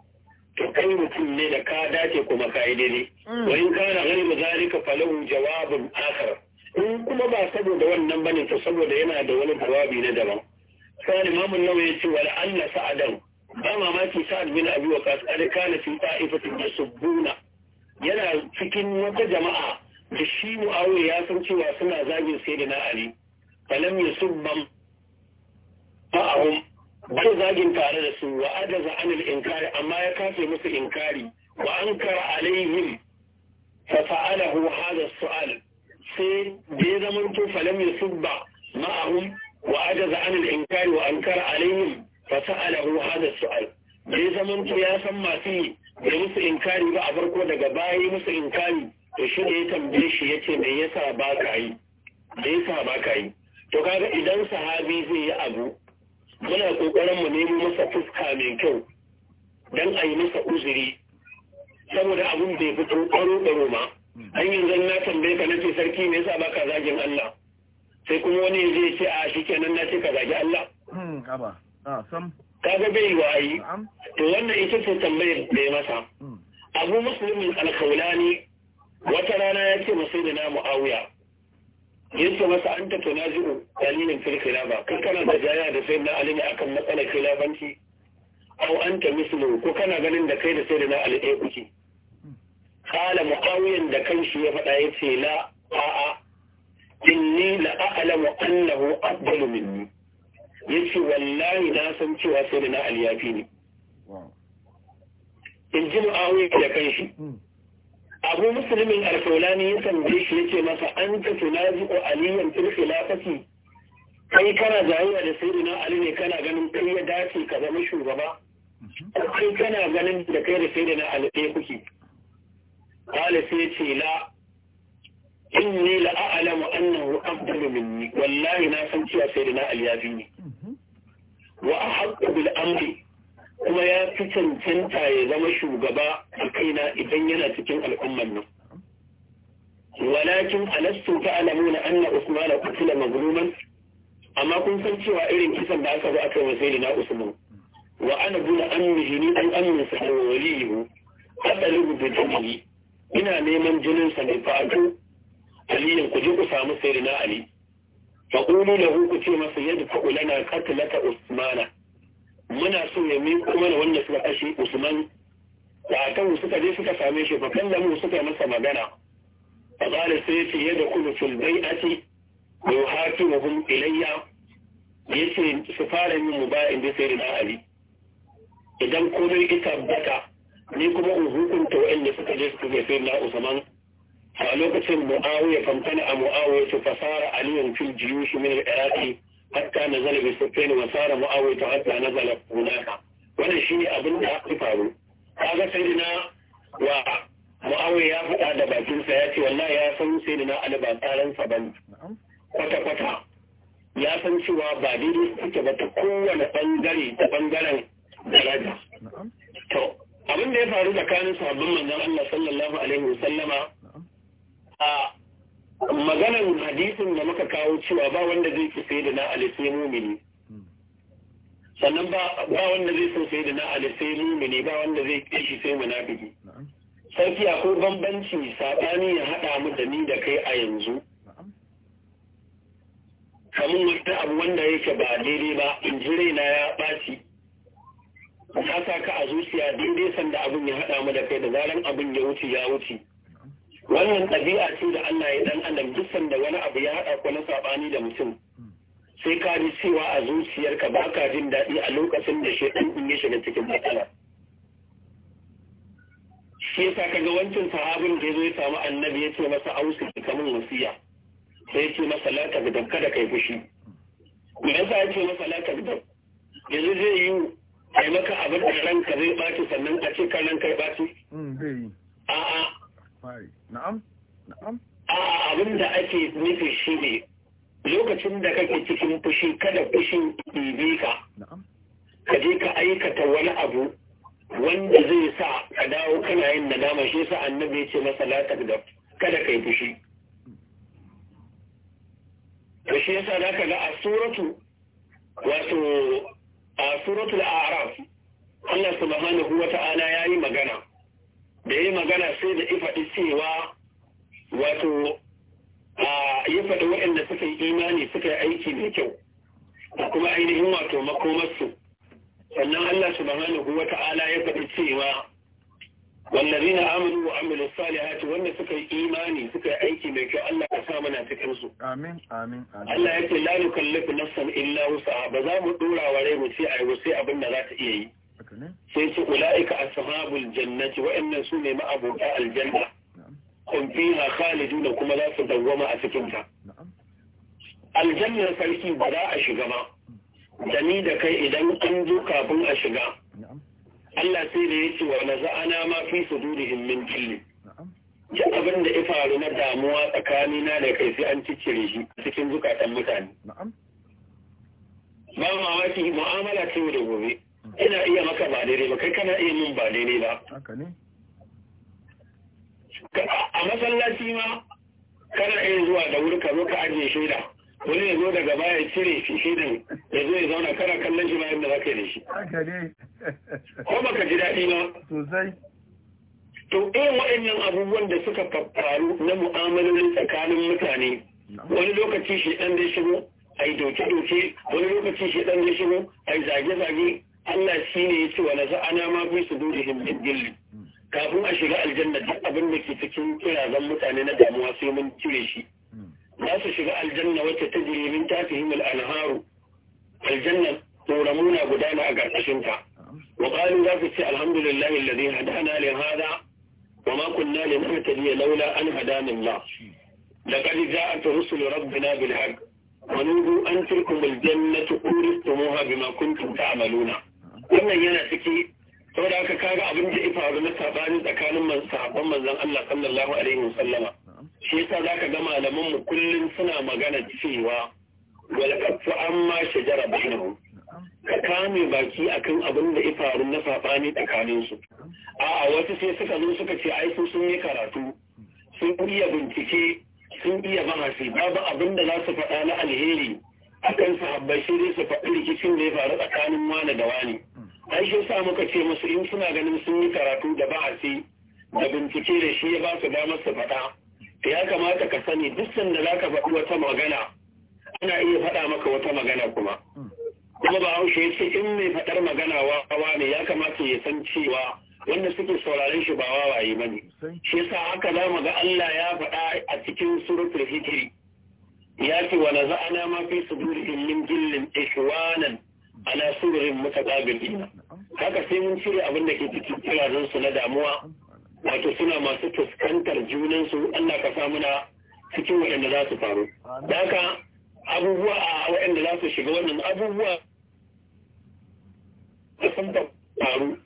to kai mutum ne da ka dace kuma ka yi daidai mm. wa in kana ghairu zalika falahu jawabun akhar in kuma ba saboda wannan bane to saboda yana da wani jawabi na daban sai imamu ya yace wal anna sa'adan ba mamaki sa'ad bin abi waqas qad kana fi ta'ifatin yasubbuna yana cikin wata jama'a da shi muawiya ya san cewa suna zagin sayyidina ali falam yasubbam fa'ahum ba zagin tare da su wa adaza anil inkari amma ya kafe musu inkari wa ankara alaihim fa fa'alahu hadha sual sai bai ya zama to falam subba ma'ahum wa ajaza an al-inkari wa ankara alaihim fa sa'alahu hadha su'al da zaman zama to ya san masu yi da musu inkari ba a farko daga baya musu inkari to shi ne ya tambaye shi yace me yasa ba ka yi me yasa ba ka yi to kaga idan sahabi zai yi abu muna kokarin mu nemo masa fuska mai kyau dan a yi masa uzuri saboda abun bai fito karo karo ma an yanzu na tambaye ka nace sarki me yasa baka zagin Allah sai kuma wani zai ce a shikenan na ce ka zagi Allah hmm, haba a ah, sam kaga bai yi to wannan ita ce tambayar da ya masa hmm. abu muslimin alkaulani wata rana ya ce masai da na Ya ce masa an ta tunazi'u dalilin fil ba kai kana da jaya da sai na alimi akan matsalar kilabanci au an ta mislu ko kana ganin da kai da sai da na al'aikuki kala muqawiyan da kanshi ya faɗa yace la a'a inni la a'lamu annahu afdalu minni yace wallahi na san cewa sai da na aliyafi ne in ji mu'awiya da kanshi abu musulmin alfaulani ya tambaye shi yace masa an ta ko aliyan fil khilafati kai kana jayayya da sayyidina ali ne kana ganin kai ya dace ka zama shugaba kai kana ganin da kai da sayyidina ali kuke قال سيتي لا إني لأعلم أنه أفضل مني والله لا سنتي سيدنا اليابيني وأحق بالأمر kuma ya fi cancanta ya zama shugaba a kaina idan yana cikin al'umman nan. Walakin alastu ta alamu na anna Usman a kutula mazluman, amma kun san cewa irin kisan da aka zo aka yi wasai Usman. Wa ana bula an mijini an ina neman jininsa ne fa aka aliyan ku je ku samu sayyidina ali fa qulu lahu ku ce masa yadda yadfa lana qatlata usmana muna so ya mi kuma da wanda suka kashe usman da suka je suka same shi fa kallamu suka masa magana fa qala sayyidi yadkhulu fil bay'ati wa yuhatimuhum ilayya yace su fara yin mubayin da sayyidina ali idan komai ita bata ni kuma in hukunta wa'anda suka je suka zai na Usman a lokacin Muawiya famtana a Muawiya to fasara aliyun fil jiyushi min al-iraqi hatta nazala bi sufayn wa sara Muawiya ta hatta nazala hunaka wannan shine abin da aka faru kaga sayyidina wa Muawiya ya faɗa da bakinsa ya ce wallahi ya san sayyidina Ali ba tsaran sa bane kwata kwata ya san cewa ba daidai suke ba ta kowane bangare ta bangaren daraja to abin da ya faru tsakanin sabbin manzon Allah sallallahu alaihi wasallama a maganar hadisin da muka kawo cewa ba wanda zai ci sai da na alisai mumini sannan ba ba wanda zai so sai da na alisai mumini ba wanda zai ƙi shi sai munafiki sarki akwai bambanci saɓani ya haɗa mu da ni da kai a yanzu kamun wata abu wanda yake ba daidai ba in ji raina ya ɓaci ka sa ka a zuciya daidai sanda abin ya haɗa mu da kai da zaran abin ya wuce ya wuce wannan ɗabi'a ce da Allah ya dan adam duk sanda wani abu ya haɗa ku na saɓani da mutum sai ka ji cewa a zuciyarka ba ka jin daɗi a lokacin da shi shaidan din ya shiga cikin matsala shi yasa ga wancan sahabin da ya zo ya samu annabi ya ce masa ausi kamar wasiya sai ya ce masa la ka kada kai fushi me yasa ya ce masa la ka yanzu zai yi kai maka abin da ranka zai ɓaci sannan a ce kan ranka ya ɓaci? Mm, A'a. Na'am? Na'am? A'a abin da ake nufi shi ne lokacin da kake cikin fushi kada fushin ɗibe ka. Ka je ka aikata wani abu wanda zai sa ka dawo kana yin nadama shi sa annabi ya ce masa latar da kada kai fushi. To shi yasa za ka ga a suratu wato a suratul a'raf Allah subhanahu wa ta'ala ya yi magana da yi magana sai da ifadi cewa wato a ya faɗi waɗanda suka yi imani suka yi aiki mai kyau da kuma ainihin wato makomarsu sannan Allah subhanahu wa ta'ala ya faɗi cewa والذين امنوا وعملوا الصالحات وان سكاي ايماني سكاي ايكي مي كيو الله يسا منا cikin su امين امين الله yake la yukallif nafsan illa wusa ba za mu dora ware mu sai ayi sai abin da za ta iya yi sai su ulaika ashabul jannati waɗannan sune su ne ma abu al janna kun fi kuma za su dawwama a cikin ta sarki ba za a shiga ba dani da kai idan an zo kafin a shiga Allah sai da yake wa za'ana ma fi sudurihim min jilli ya abin da ya faru na damuwa tsakanina da kai sai an ciccire shi cikin zukatan mutane ba mamaki mu'amala yi da gobe ina iya maka ba daidai ba kai kana iya min ba daidai ba a masallaci ma kana iya zuwa da wuri ka zo ka ajiye shaida wani ya zo daga baya ya cire shi shi ne ya zo ya zauna kana kallon shi bayan da za ka yi da shi. Ko ji daɗi ba? Sosai. To irin waɗannan abubuwan da suka faru na mu'amalolin tsakanin mutane wani lokaci shi ɗan da shigo a yi doke-doke wani lokaci shi ɗan da shigo a yi zage-zage Allah shi ne ya ce wa nasa ana ma fi su dole himmin gilli. Kafin a shiga aljanna duk abin da ke cikin kirazan mutane na damuwa sai mun cire shi. za su shiga aljanna wacce ta jiri min fi al alharu? aljanna turamuna gudana a garkashin ta wa qalu za su ce alhamdulillahi alladhi hadana li hada wa ma kunna linahtadiya laula an hadana Allah laqad ja'at rusulu rabbina bil haqq wa nudu an tilkum al-jannatu uristumuha bima kuntum ta'maluna wannan yana ciki saboda haka kaga abin da ya faru na sabani tsakanin sahabban manzon Allah sallallahu alaihi wasallama shi yasa za ka ga malaman mu kullum suna magana cewa walƙafu an ma shajara bainahu ka kame baki akan abin da ya faru na saɓani tsakanin su a'a wasu sai suka zo suka ce ai su sun yi karatu sun iya bincike sun iya bahasi babu abin da za su faɗa na alheri akan su Habbashi ne su faɗi rikicin da ya faru tsakanin wani da wani ai shi sa muka ce musu in suna ganin sun yi karatu da bahasi da bincike da shi ya ba su damar su faɗa ya kamata ka sani duk sanda za ka faɗi wata magana ana iya faɗa maka wata magana kuma kuma ba haushe ya ce in mai faɗar magana wawa ne ya kamata ya san cewa wanda suke sauraren shi ba wawaye ba ne shi yasa haka za mu ga Allah ya faɗa a cikin suratul hijri ya ce wa naza'ana ma fi sudurihim min jillin ishwanan ala sururin mutaqabilin haka sai mun cire abin da ke cikin kirarin su na damuwa wato suna masu fuskantar junansu Allah ka sa muna cikin waɗanda za su faru daka abubuwa a waɗanda za su shiga wannan abubuwa da sun faru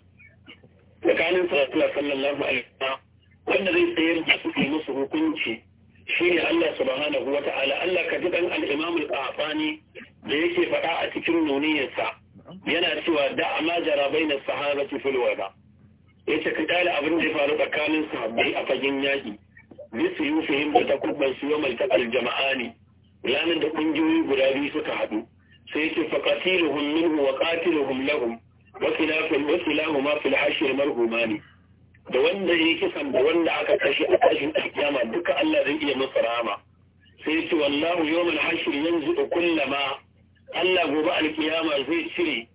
tsakanin sallallahu sallallahu alaihi wanda zai tsayar da su yi musu hukunci shine Allah subhanahu wa ta'ala Allah ka ji dan al-Imam al-Qahfani da yake faɗa a cikin nuniyarsa yana cewa da ma jara bainas sahabati fil wada yace ka kyale abin da ya faru tsakanin sahabbai a fagen yaki bisu yufihim da takubban su yamal takal ne. ranar da ƙungiyoyi guda biyu suka haɗu sai yace fa qatiluhum minhu wa qatiluhum lahum wa khilafun wa khilahuma fil hashr marhumani da wanda ya yi kisan da wanda aka kashe a ƙarshen alkiyama duka Allah zai iya masa rama. sai yace wallahu yawmal hashir yanzu kullama Allah gobe alkiyama zai cire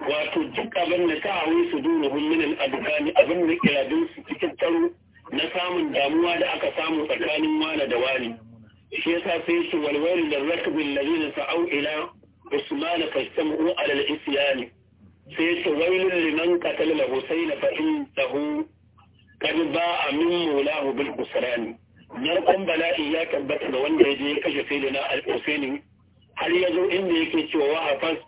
wato duk abin da ta hawi su dole hulminin abukani abin da kiradun su cikin taro na samun damuwa da aka samu tsakanin wani da wani shi yasa sai su walwari da rakabin lalina sa'au ila usmana fastamu alal isyani sai su wailun liman qatal la husayna fa innahu kad ba'a min mulahu bil usrani narkon bala'i ya tabbata da wanda ya je ya kashe sayyidina al-husaini har ya zo inda yake cewa wa hafas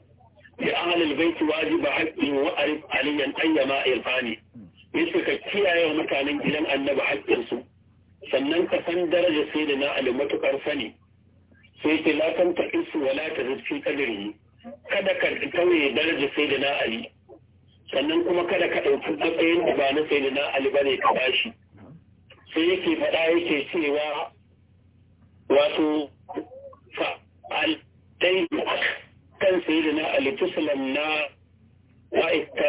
li ahlil baiti wajiba haqqin wa arif aliyan ayyama irfani yace ka kiyaye wa mutanen gidan annabi haƙƙin su sannan ka san daraja sai da na ali matukar sani sai ce la kan ta isu wa la ta kada ka daraja sai da na sannan kuma kada ka ɗauki matsayin da ba na sai da na ali bane ka bashi sai yake faɗa yake cewa wato fa'al dai kan sayidina ali tusulan na wa'ita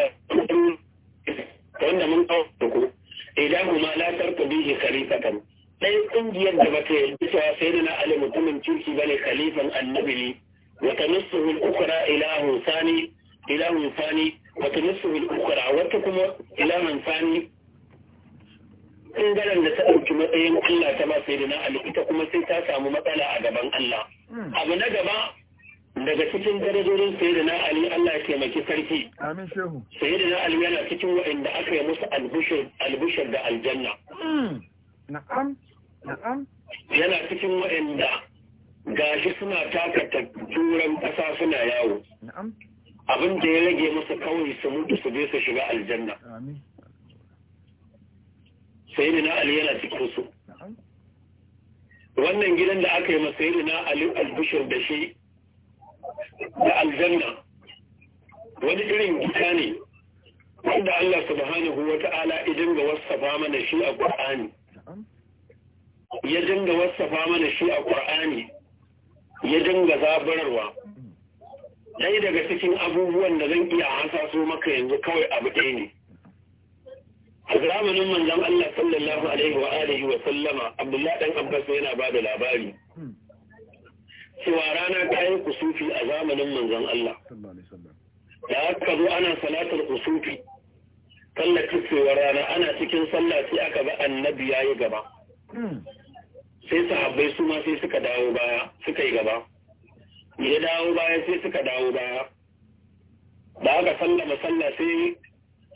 wanda mun kawo idan kuma la tarta bihi khalifatan ɗaya kungiyar da bata yarda cewa sayyidina ali mutumin kirki bane khalifan annabi ne wa tanassuhu al-ukhra ilahun sani ilahun sani wa tanassuhu al-ukhra wata kuma ilahun sani ɓangaren da ta ɗauki matsayin Allah ta ba sayyidina ali ita kuma sai ta samu matsala a gaban Allah hmm. abu na gaba daga cikin darajojin sayyidina ali Allah ya taimaki sarki amin shehu na ali yana cikin wa'inda aka yi musu albushar da aljanna hmm. na'am na'am yana cikin wa'inda gashi suna taka ta duran ƙasa suna yawo na'am abin da ya rage musu kawai su mutu su je su shiga aljanna na ali yana cikin su wannan gidan da aka yi masa na ali albushar da shi da aljanna wani irin gida ne wanda Allah subhanahu wa ta'ala idan ga wasafa mana shi a ƙwar'ani ya dinga wasafa mana shi a ƙwar'ani ya dinga zabararwa ɗai daga cikin abubuwan da zan iya hasaso maka yanzu kawai abu ɗaya ne a zamanin manzon Allah sallallahu alaihi wa alihi wa sallama Abdullahi dan Abbas yana ba da labari cewa rana ta yi kusufi a zamanin manzon Allah da aka zo ana salatar kusufi tallafi kusurwar rana ana cikin sallah sai aka ga annabi ya yi gaba hmm. sai sahabbai su ma sai suka dawo baya suka yi gaba ya dawo baya sai suka dawo baya da aka sallama sallah sai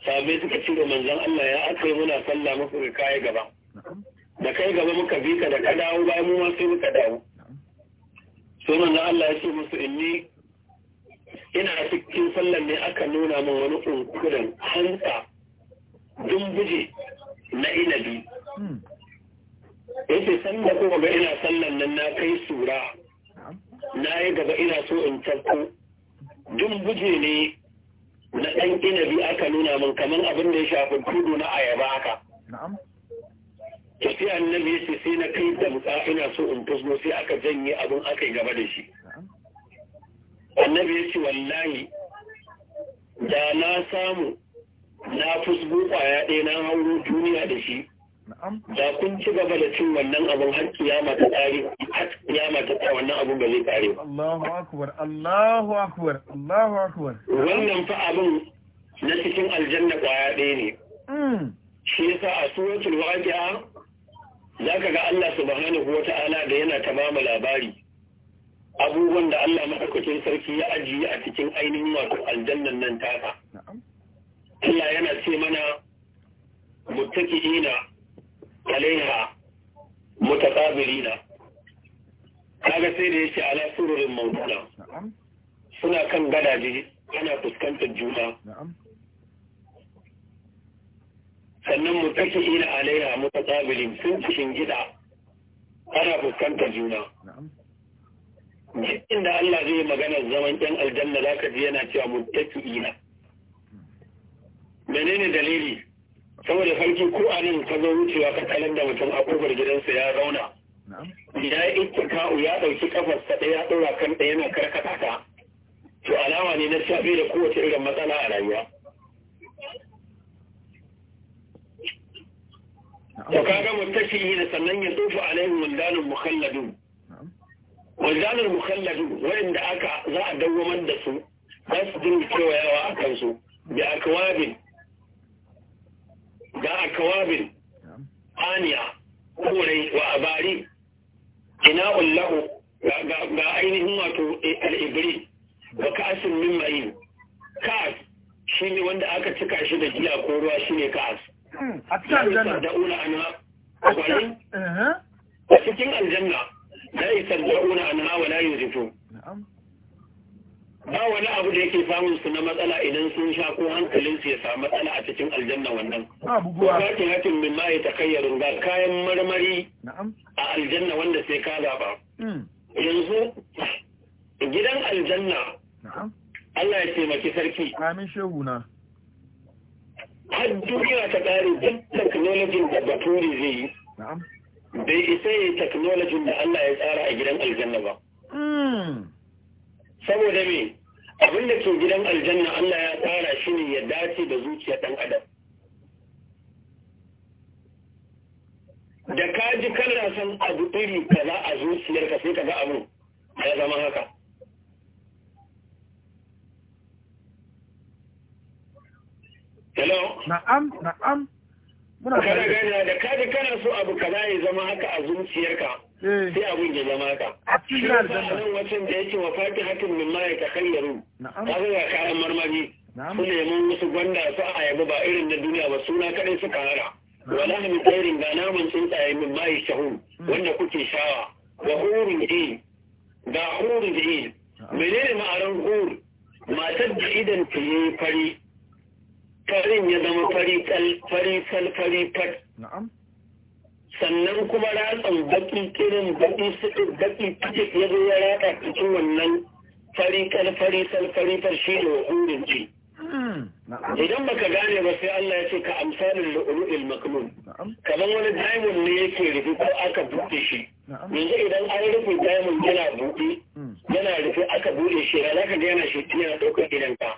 sahabbai suka cire manzon Allah ya aka yi muna sallah muka ga kai gaba da kai gaba muka bi ka da ka dawo baya mu ma sai muka dawo sai manzo Allah ya ce musu inni ina cikin sallar ne aka nuna min wani kunkurin hanta dumbuje na inabi yace da ko ga ina sallan nan na kai sura na yi gaba ina so in tafko dumbuje ne na ɗan inabi aka nuna min kamar abin da ya shafi kudu na ayaba haka tafi annabi ya ce sai na kai da buka ina so in fusmo sai aka janye abin aka yi gaba da shi annabi ya ce wallahi da na samu na fusgo kwaya ɗaya na hauro duniya da shi da kun ci gaba da cin wannan abin har kiyama ta tsari har kiyama ta tsari wannan abin ba zai tsari Allahu akbar Allahu akbar Allahu akbar wannan fa abin na cikin aljanna kwaya ɗaya ne mm. shi yasa a suratul waqi'a za ka ga Allah subhanahu wa ta'ala da yana ta bamu labari abubuwan da Allah maɗaukakin sarki ya ajiye a cikin ainihin wato aljannan nan taka. Allah yana ce mana ina alaiha mutaqabilina kaga sai da ya ce ala sururin mawduna suna kan gadaje ana fuskantar juna sannan mu take ina alaiha mutatabilin sun cikin gida ana fuskantar juna Jikin da Allah zai magana zaman ɗan aljanna za ka ji yana cewa mu take ina menene dalili saboda farki ko a ka zo wucewa ka kalan da mutum a kofar gidansa ya zauna ya yi ittika'u ya ɗauki kafarsa ɗaya ya ɗora kan ɗaya yana karkata ta to alama ne na shafi da kowace irin matsala a rayuwa wa kaga mutashihin sannan ya dufu alaihim waldanun mukhalladun waldanun mukhalladun wanda za a da su za su dinga a da abari ina ga ainihin wato eh, al'ibri wa ka'asin min ma'in ka'as shi wanda aka cika shi da giya ko ruwa shi ka'as a cikin aljanna a cikin aljanna la yusaddauna anha wa la yuzifu ba wani abu da yake samun su na matsala idan sun sha ko hankalin su ya samu matsala a cikin aljanna wannan Ko ka ke hatin min ma ya takayyarun ga kayan marmari a aljanna wanda sai ka zaba hmm. yanzu gidan aljanna Allah ya taimaki sarki amin shehu na har duniya ta kare duk teknolojin da bature zai yi bai isa yi teknolojin da Allah ya tsara a gidan aljanna ba hmm. saboda me abin da ke gidan aljanna Allah ya tsara shi ne ya dace da zuciyar ɗan adam da ka ji kan san abu iri kaza a zuciyarka sai ka ga abu ya zama haka hello na'am na'am muna gani da kaji kana so abu kaza ya zama haka a zuciyarka eh. sai abun ya zama haka shi ne nan wacin da yake wa fati hatin min ma ya takhayyaru na'am kaga ga kayan marmari su neman wasu gwanda su a ayaba ba irin na duniya ba suna kadai suka hara wala min tsairin ga naman tsuntsaye min ma ya wanda kuke shawa wa hurin ji ga hurin ji menene ma'aran hur matar da idan ta yi fari karin ya zama fari fal fari fat sannan kuma ratsan baki kirin baki suke baki fitik ya zo ya rata cikin wannan fari kal fari shi ne wurin ji hmm, idan baka gane ba sai Allah ya ce ka amsa amsalin lu'lu'il maknun kamar wani diamond ne yake rufe ko aka buɗe shi yanzu idan an rufe diamond yana buɗe hmm. yana rufe aka buɗe shi ra zaka ga yana shi yana ɗaukar gidanka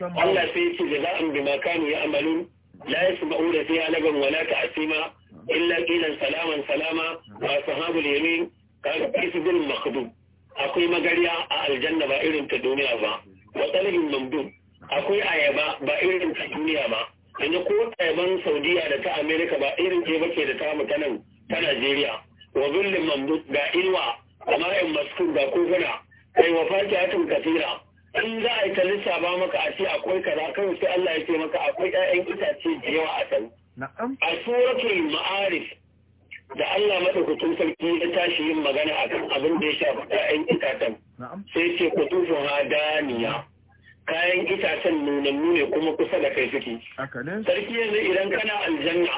Allah sai yake jaza'an bima ya ya'malun la yasma'una fiha lagan wala ta'sima illa qilan salaman salama wa ashabul yamin kan kisbul makhdum akwai magariya a aljanna ba irin ta duniya ba wa talibin akwai ayaba ba irin ta duniya ba yanzu ko ayaban saudiya da ta america ba irin ce bace da ta mutanen ta najeriya wa zullin mamdud ga inuwa kamar in maskun ga kofuna kai wa fakihatun kafira in za a yi ka lissafa maka a ce akwai kaza kawai sai Allah ya ce maka akwai ƴaƴan itace da yawa a can a suratul ma'arif da Allah madaukakin sarki ya tashi yin magana a kan abin da ya shafi ƴaƴan itacen sai ce kutufun hadaniya kayan itacen nunannu ne kuma kusa da kai suke sarki yanzu idan kana aljanna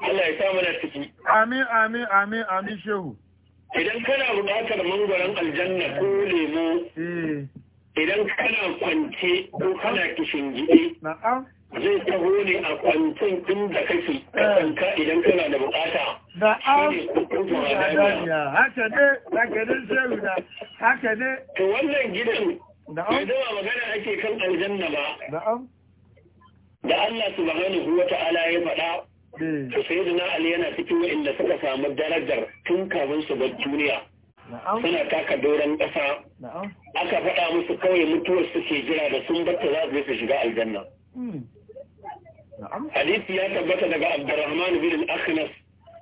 Allah ya sa mana ciki amin amin amin amin shehu idan kana buƙatar mangwaron aljanna ko lemu. Eh. idan kana kwance ko kana kishin gidi zai taho ne a kwancin inda kake kanka idan kana da bukata na'am haka ne haka ne shehu na haka ne to wannan gidan na'am da magana ake kan aljanna ba na'am da Allah subhanahu wa ta'ala ya faɗa eh. to sayyidina yana cikin wa'inda suka samu darajar tun kafin su bar duniya suna taka doron ƙasa aka faɗa musu kawai mutuwar suke jira da sun bata za su shiga aljanna hmm. hadisi ya tabbata daga abdurrahman bin akhnas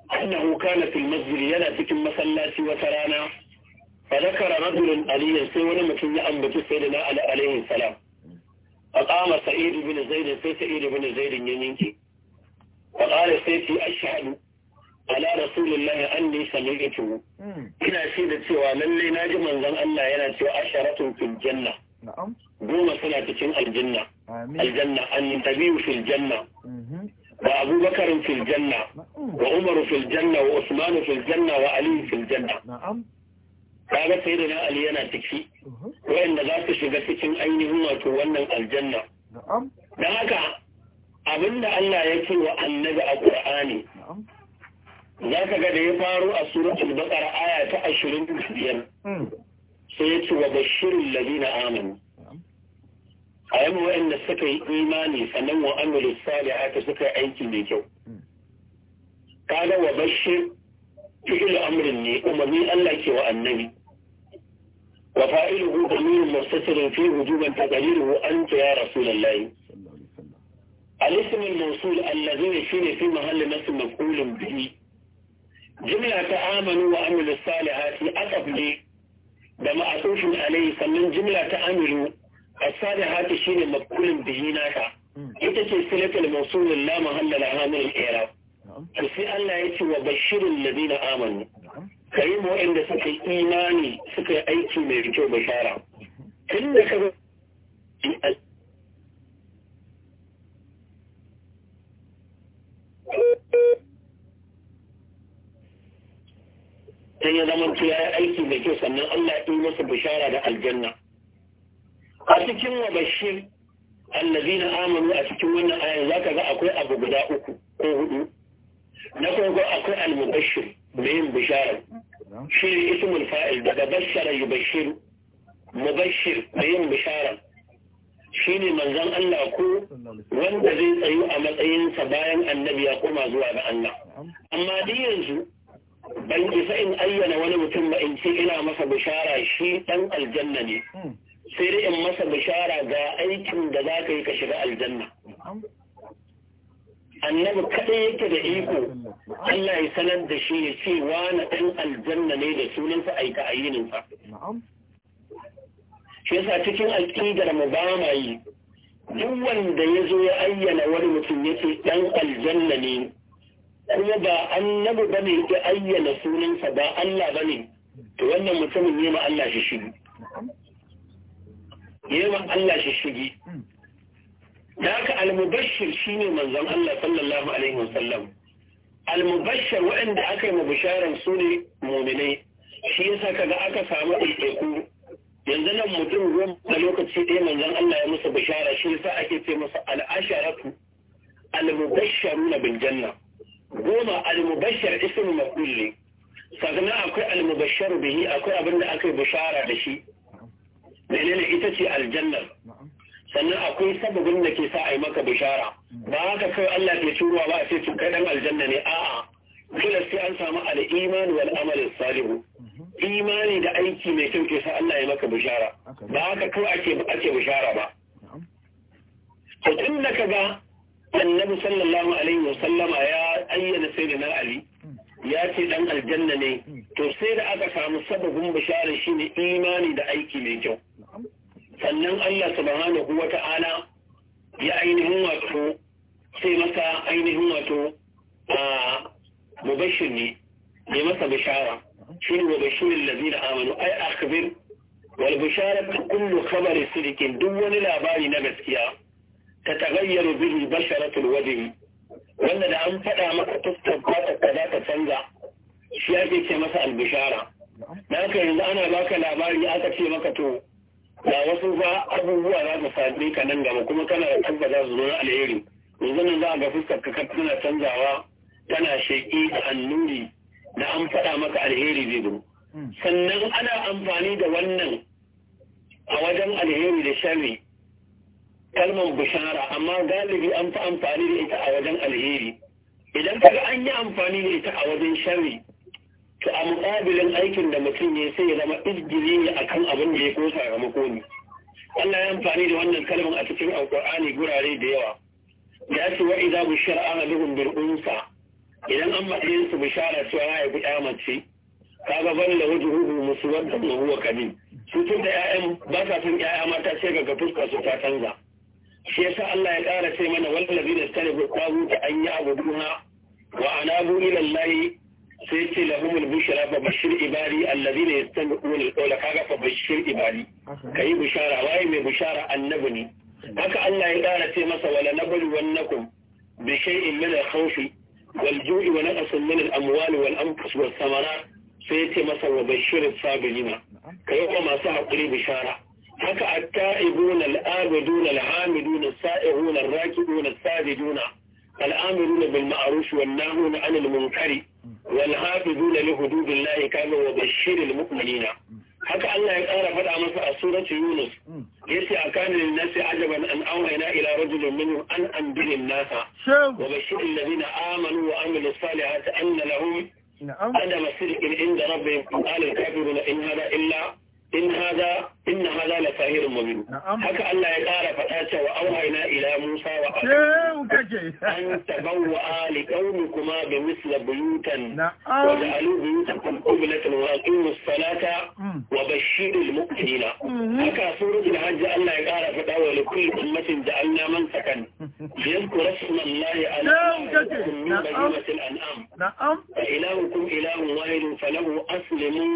annahu kana fil masjid yana cikin masallaci wata rana fa zakara rajulun aliyan sai wani mutum ya ambaci sayyidina ali alaihi salam fa sa'id bin zaid sai sa'id bin zaid ya ninke fa qala sai ashhadu ala rasulillahi anni sami'tu hmm. ina shi da cewa lalle na ji manzon Allah yana cewa asharatun fil janna goma suna cikin aljanna aljanna annabiyu fil janna mhm. wa abubakar fil janna wa umar fil janna wa usman fil janna wa ali fil janna kaga sai ali yana ciki mhm. wayanda za su shiga cikin ainihin wato wannan aljanna dan haka abinda Allah ya ce wa annabi a Qur'ani za ka ga da ya faru a suratul baqara aya ta ashirin da biyar hmm. sai ya ce wa bashirin ladina amanu a yamma waɗanda suka yi imani sannan wa amilu salihata suka yi aiki mai kyau hmm. kaga wa bashir fi'il amrin ne umarni Allah ke wa annabi wa fa'iluhu damirun mustatirun fi hujuban taqdiruhu anta ya al rasulullahi الاسم الموصول الذين فيه في محل نفس مفعول به jimla ta amanu wa amilu salihati aqab ne da ma'asufin alai sannan jimla ta amilu as-salihati shine makulin bihi naka ita ce silatul mawsulin la mahalla laha min to sai Allah ya ce wa bashirin ladina amanu kai mu inda suka yi imani suka yi aiki mai kyau bashara tunda kaga Thank you. sai ya zama ya yi aiki mai kyau sannan Allah ya yi masa bishara da aljanna a cikin wa bashir allazina amanu a cikin wannan ayan zaka ga akwai abu guda uku ko hudu na farko akwai almubashir mubashshir da yin bishara shi ne ismul fa'il daga bashara yubashshir mubashshir da yin bishara shi ne manzon Allah ko wanda zai tsayu a matsayinsa bayan annabi ya koma zuwa ga Allah amma dai yanzu ban isa in ayyana wani mutum ba in ce ina masa bishara shi dan aljanna ne hmm. sai dai in masa bishara ga aikin da za ka yi ka shiga aljanna annabi kaɗai yake da iko Allah ya sanar da shi ya ce wani ɗan aljanna ne da sunansa aika ayininsa shi yasa cikin alƙidar mu ba ma yi duk wanda ya zo ya ayyana wani mutum yake ɗan aljanna ne kuma ba annabi ba ne ya ayyana sunansa ba Allah ba ne to wannan mutumin ne ma Allah shi shigi ne ma Allah shi shigi da haka almubashir shi ne manzon Allah sallallahu alaihi wasallam almubashir waɗanda aka yi mubisharan su ne muminai shi ya saka ga aka samu ɗaiɗaiku yanzu nan mutum goma a lokaci ɗaya manzon Allah ya musu bishara shi ya yasa ake ce masa al'asharatu al na bin janna goma al-mubashshar ismu maf'ul ne sannan akwai al bihi akwai abin da aka yi bishara da shi menene ita ce aljannar sannan akwai sababin da ke sa a yi maka bishara ba haka kai Allah ke turuwa ba a ce to kai dan aljanna ne a'a dole sai an samu al-iman wal amal salihu imani da aiki mai kyau ke sa Allah ya maka bishara ba haka kai ake ake bishara ba to tun da kaga annabi sallallahu alaihi wasallama ya ayyana sai da na ali ya ce dan aljanna ne to sai da aka samu sababin bishara shine imani da aiki mai kyau sannan Allah subhanahu wata'ala ya ainihin wato sai masa ainihin wato a mubashir ne ne masa bishara shi ne bashirin lazina amanu ai akhbir wal bisharatu kullu khabari sidikin duk wani labari na gaskiya ta tagayyaru bihi basharatul wajhi wanda da an faɗa maka fuskar fatar za ka canza shi ake ce masa albishara da yanzu ana baka labari aka ce maka to ga wasu ba abubuwa za su sami ka nan gaba kuma kana da tabbata su zo alheri yanzu nan za a ga fuskar ka tana canzawa tana sheƙi da annuri da an faɗa maka alheri zai zo hmm. sannan ana amfani da wannan a wajen alheri da sharri kalmar bishara amma galibi an fi amfani da ita a wajen alheri idan kaga an yi amfani da ita a wajen sharri to a muƙabilin aikin da mutum ya sai ya zama izgiri ne a kan abin da ya kosa ga makoni Allah ya amfani da wannan kalmar a cikin alƙur'ani gurare da yawa ya ce wa idza bishara ana duhun birbinsa idan an matsayin su bishara cewa ya bi ya mace kaga ban da wajen hudu musu wanda mahuwa kadim su tun da 'ya'yan ba sa son 'ya'ya mata sai ga fuskar su ta canza shi yasa Allah ya ƙara ce mana wallazi da tare ko kwazo ta an yi abu duha wa anabu ila Allah sai ce lahumul bushra fa bashir ibadi allazina yastami'una al-qawla kaga fa bashir ibadi kai bushara waye mai bushara annabi ne haka Allah ya ƙara ce masa wala nablu wannakum bi shay'in min al-khawf wal-ju'i wa naqsin min al-amwali wal-anfus was-thamarat sai ce masa wa bashir as-sabirina kai wa masu haƙuri bishara haka at-ta'ibuna al-abiduna al-hamiduna as-sa'ihuna ar-raki'una as-sajiduna al-amiruna bil ma'ruf wan nahuna 'anil munkari wal hafizuna li hududillahi kama wa bashshiril mu'minina haka Allah ya ƙara faɗa masa a suratu Yunus yace akana lin nasi ajaban an awhayna ila rajulin minhum an anbirin nasa wa bashshiril ladina amanu wa amilus salihati anna lahum عدم صدق عند ربهم قال الكافرون إن هذا illa? in hada in hada la sahirun mubin haka Allah ya ƙara faɗa cewa auhayna ila Musa wa eh, an tabawwa li kuma bi misla buyutan wa ja'alu buyutakum qiblatan wa aqimus salata hmm. wa bashshiril mu'minin hmm. haka suratul hajj Allah ya ƙara faɗa wa li kulli ummatin ja'alna man sakan yadhkuru rasulallahi ala eh, ummatin an'am na'am fa ilahukum ilahun wahidun falahu aslimu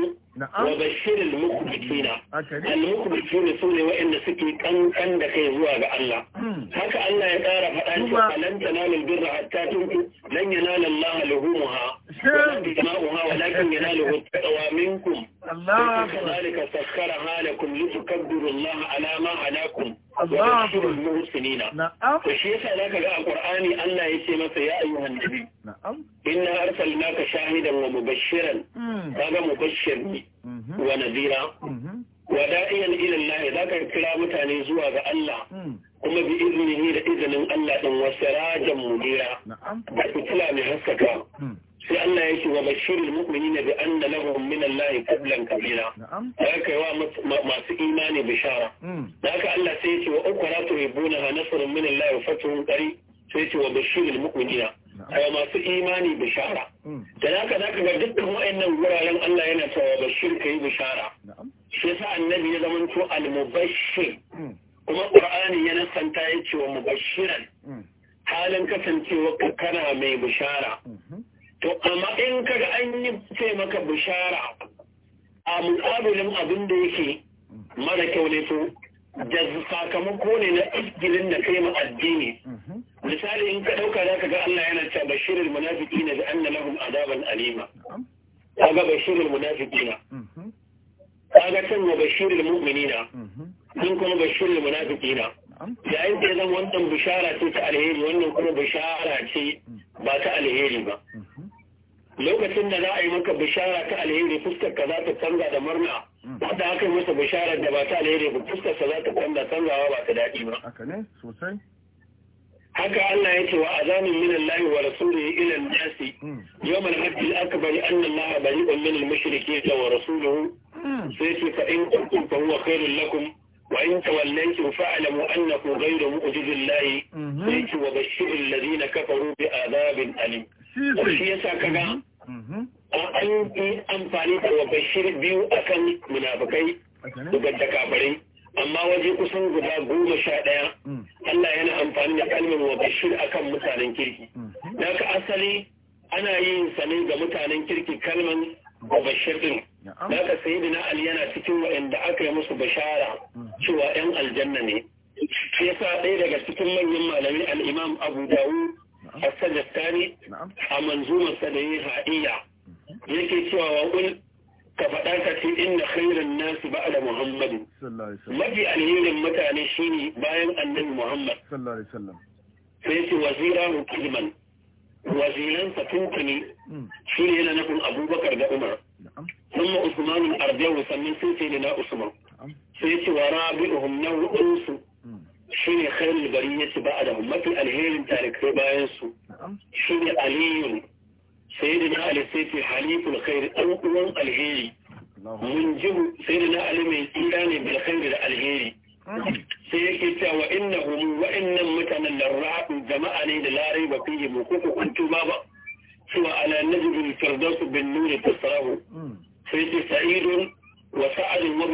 wa bashirin mukbitina al-mukbitina su ne waɗanda suke kankan da kai zuwa ga Allah hmm. haka Allah ya kara faɗa cewa lan tanalu birra hatta tunqu lan yanala Allah luhumuha wa dima'uha walakin yanaluhu taqwa minkum Allah kadhalika sakhkharaha lakum litukabbiru Allah ala ma halakum Allah muhsinina na'am to shi yasa zaka ga a Qur'ani Allah ya ce masa ya ayyuhan nabi na'am inna arsalnaka shahidan wa mubashiran hmm. kaga mubashir ne Mhm. wa nadira mhm. wa da'iyan ila Allah ka kira mutane zuwa ga Allah hmm. kuma bi iznihi da izinin Allah din wasarajan mudira da fitila mai haskaka hmm. sai Allah yake wa bashirul mu'minina bi anna lahum min Allah qablan kabira zaka yi wa masu imani bishara hmm. zaka Allah sai yake wa ukra tuhibuna nasrun min Allah wa fathun qarib sai yake wa bashirul mu'minina a masu imani bishara mm. da haka za ka ga dukkan wa'annan wuraren Allah yana cewa bashir ka yi bishara shi yasa annabi ya zamanto al-mubashshir mm. kuma qur'ani ya nasanta ya ce wa mubashiran mm. halin kasancewa ka kana mai bishara mm-hmm. to amma in kaga an yi ce maka bishara a muƙabilin abin da yake mara kyau ne to da sakamako ne na iskilin da kai addini mm-hmm. مثال إن كدوك ذاك قال أنا تبشر المنافقين بأن لهم أدابا أليمة هذا بشير المنافقين هذا كان بشير المؤمنين من كنا بشير المنافقين لأن كذا وانتم بشارة تتعليهين وانتم كنا بشارة تتعليهين با لو كتن نلاعي منك بشارة تتعليهين فستك كذا تتنغى دمرنا بعد آخر مست بشارة نباتا تتعليهين فستك كذا تتنغى تتنغى وابا تدائي با أكا نه سوسي haka Allah ya ce wa azanin min Allah wa rasulihi ila an-nas hmm. yawm al-hajj al-akbar anna Allah bari'un min al-mushrikeen wa rasuluhu hmm. sai ce fa in kuntum fa huwa khairul lakum wa in tawallaytum fa'lamu annakum ghayru hmm. sai ce wa bashiril ladina kafaru bi adhabin alim shi yasa kaga an yi amfani da wa bashir biyu akan munafikai daga kafirai amma waje kusan guda goma sha ɗaya mm. Allah yana amfani da kalmar wa bashir akan mutanen kirki mm. da ka asali ana yin sa ne ga mutanen kirki kalmar wa bashir din da ka sayyidina Ali yana cikin waɗanda aka yi musu bashara mm. cewa 'yan aljanna ne shi yasa ɗaya daga cikin manyan malami al-Imam Abu Dawud as-Sajistani a manzumarsa da yake cewa wa ka faɗa ka ce inna khairan nasu ba da Muhammadu. mafi alherin mutane shi ne bayan annabi muhammad sai ce wazira hukuman waziran fatunka ne hmm. shi ne yana nufin abubakar da umar kuma Usmanu arjawu sannan sun ce na usman sai ce wa rabi'uhum na hudunsu hmm. shi ne khairul bariyati da mafi alherin tarikai bayan su shi ne aliyun sayyidina ali sai ce haliful khair dan uwan alheri mun jibu sayyidina ali mai tsira ne bil khair da alheri sai yake cewa wa innahum wa innam mutanan larra'u jama'a ne da larai ba fiye mu ko kuntu ba ba cewa ala najibul firdaus bin nur tasrahu sai ce sa'idun wa sa'ad wa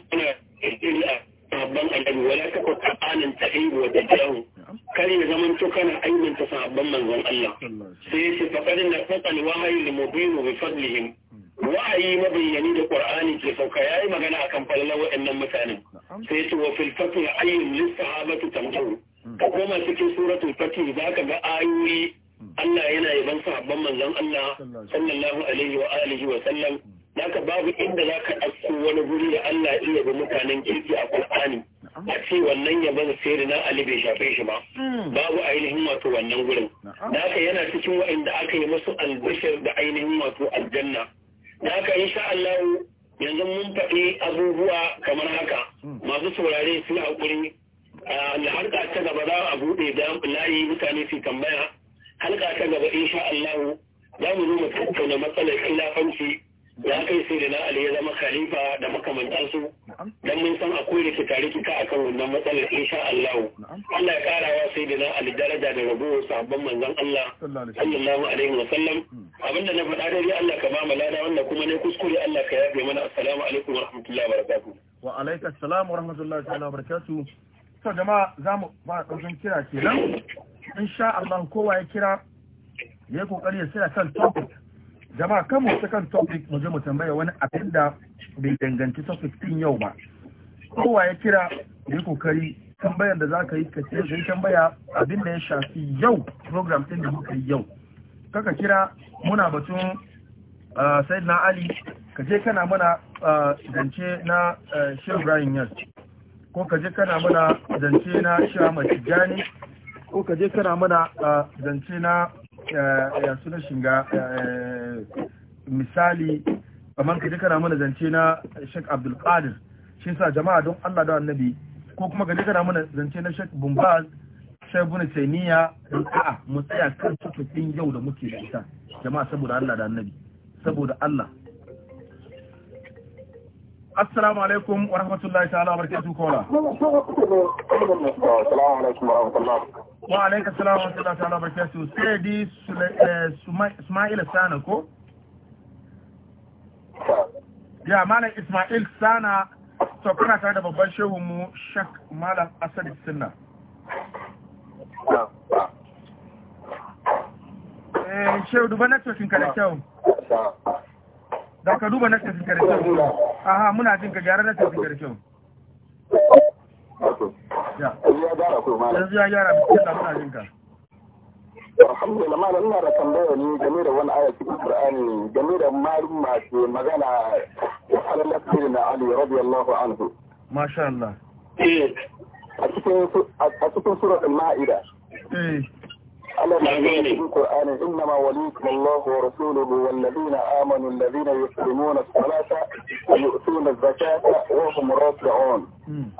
wa kirkiri sahabban annabi wala ta kuka anan ta aibu wa dajahu kar ya zaman to kana aibinta sahabban manzon Allah sai ya ce faqad na faqal wahayi lil mubin bi fadlihim wahayi mabayyani da qur'ani ke sauka yayi magana akan falalar waɗannan mutanen sai ya ce wa fil fath ayyun lis sahabati tamdu ka koma cikin suratul fath zaka ga ayoyi Allah yana yaban sahabban manzon Allah sallallahu alaihi wa alihi wa sallam Daka babu inda za ka ɗauko wani guri da Allah iya bi mutanen kirki a Kur'ani. A ce wannan yaban sai na Ali bai shafe shi ba. Hmm. Babu ainihin wato wannan gurin. Daka yana cikin wa'inda aka yi musu albishir da ainihin wato aljanna. Daka insha Allah yanzu mun faɗi abubuwa kamar haka. Hmm. Masu saurare su haƙuri. Harka ta gaba za a buɗe da layi mutane su tambaya. Harka ta gaba insha Allah za mu zo mu tattauna matsalar khilafanci da aka yi sai da Ali ya zama khalifa da makamantansu dan mun san akwai rikita a akan wannan matsalar insha Allah Allah ya karawa sai da Ali daraja da rabo sahabban manzon Allah sallallahu alaihi wa sallam hmm. abinda na faɗa dai Allah ka ba mu lada wanda kuma ne kuskure Allah ka yafe mana assalamu alaikum wa rahmatullahi wa barakatuh wa alaikum assalam wa rahmatullahi wa barakatuh to jama'a zamu ba ɗaukin kira kenan insha Allah kowa ya kira ya kokari ya sai kan topic jama'a kan mu ta kan topic mu je mu tambaya wani abin da bai danganci topic din yau ba kowa ya kira yi kokari tambayar da zaka yi ka ce zai tambaya abin da ya shafi yau program din da muka yau kaka kira muna batun ah, said na ali ka je kana mana ah, zance na eh, shehu ibrahim yas ko ka je kana mana zance na shehu ahmad ko ka je kana mana ah, zance na Eh, ya suna shiga eh, misali kamar ka kana mana zance na Sheikh Abdul Qadir shi sa jama'a don Allah da Annabi ko kuma ka kana mana zance na Sheikh Bumbaz Sheikh Ibn Taymiya a'a mu tsaya kan tutubin yau da muke shi jama'a saboda Allah da Annabi saboda Allah assalamu alaikum wa rahmatullahi ta'ala wa barakatuh kola wa alaika wa alaikum wa rahmatullahi wa barakatuh sai di eh, Ismail Sana ko ya malam Ismail Sana to kuna tare da babban shehu mu shak Malam Asad Sunna eh shehu duba networking ka da kyau da ka duba na tafi karshen aha muna jin ka gyara na tafi karshen yanzu ya gyara bikin da muna jin ka alhamdulillah malam ina da tambaya ne game da wani aya cikin qur'ani game da malum masu magana halal lafiyar na ali radiyallahu anhu masha Allah eh, a cikin surat al-ma'ida eh ألم يقول في القرآن إنما وليكم الله ورسوله والذين آمنوا الذين يقيمون الصلاة ويؤتون الزكاة وهم راكعون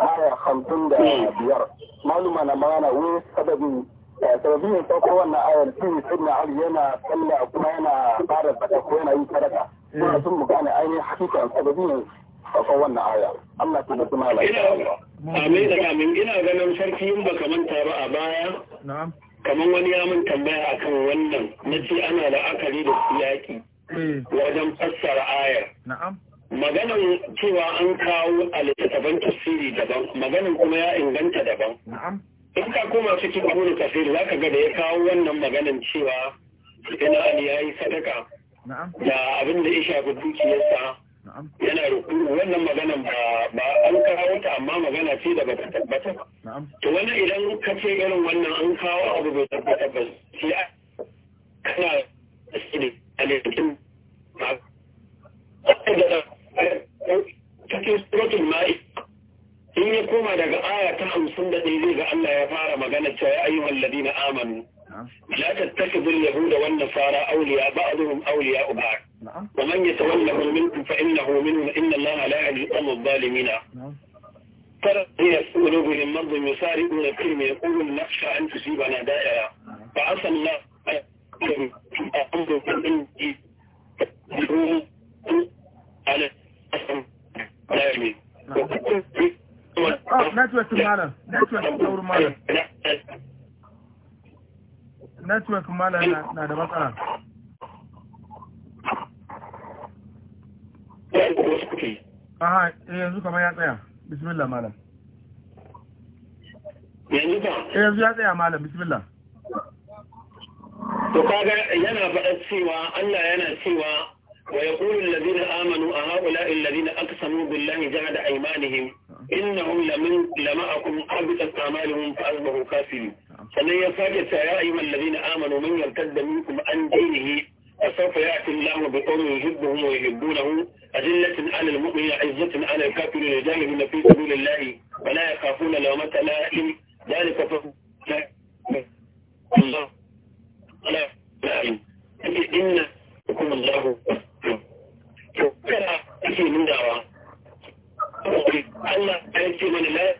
آية خمسون دقيقة. بيار معلومة نمانا وسبب آه، سببين تقوى أن آية سيدنا علي هنا سلع كمانا بارد بتقوينا إن كدك ثم كان آية حقيقة سببين تقوى أن آية أما تبتما لك آمين دقا من جنا غنم شركي يمبك من تارا أبايا نعم kamar wani ya mun tambaya akan wannan na ce ana la'akari da siyaki eh. wajen fassara ayar maganan cewa an kawo a littattafan tafsiri daban maganan kuma ya inganta daban in ka koma cikin abu da tafsiri za ka ga da ya kawo wannan maganan cewa ina ali ya yi sadaka da abin da ya shafi dukiyarsa yana rukuru wannan maganan ba an kawo ta amma magana ce da ba ta tabbata ba to wani idan ka ce irin wannan an kawo abu bai tabbata ba sai a kana asiri a lokacin ba cikin suratul ma'i in ya koma daga aya ta hamsin da ɗaya zai ga Allah ya fara magana cewa ya ayyuhal ladina amanu نعم. لا تتخذوا اليهود والنصارى أولياء بعضهم أولياء بعض نعم. ومن يتولهم منكم فإنه منهم إن الله لا يعلم الظالمين نعم. ترى هي قلوبهم مرض يسارعون فيهم يقولون نخشى أن تصيبنا دائرة فعسى الله أقول لا توقف معنا لا توقف معنا network mala na da matsala aha eh, yanzu kamar ya tsaya bismillah mala yanzu eh yanzu ya tsaya malam bismillah to kaga yana faɗa cewa Allah yana cewa ويقول الذين آمنوا أهؤلاء الذين أقسموا بالله جعل أيمانهم إنهم لمن لمعكم حبطت أعمالهم فأصبحوا كافرين نعم. فلن يفاجئ يا ايها الذين امنوا من يرتد منكم عن دينه فسوف يأتي الله بقوم يحبهم ويحبونه أذلة على المؤمن عزة على الكافرين يجاهدون في سبيل الله ولا يخافون لومة لائم ذلك فضل الله لا لائم إن الله to kana ake nunawa Allah ya ce mana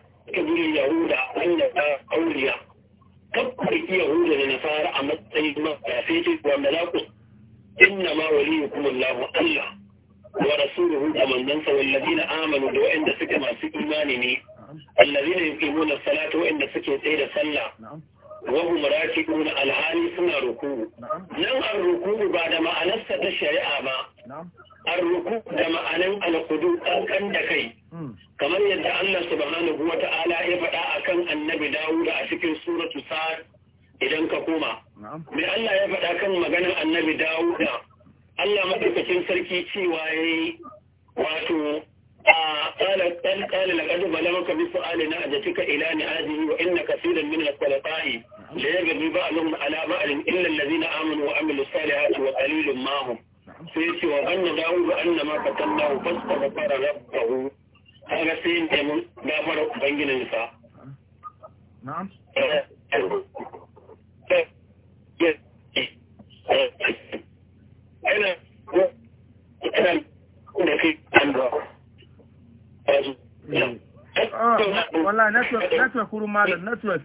artwork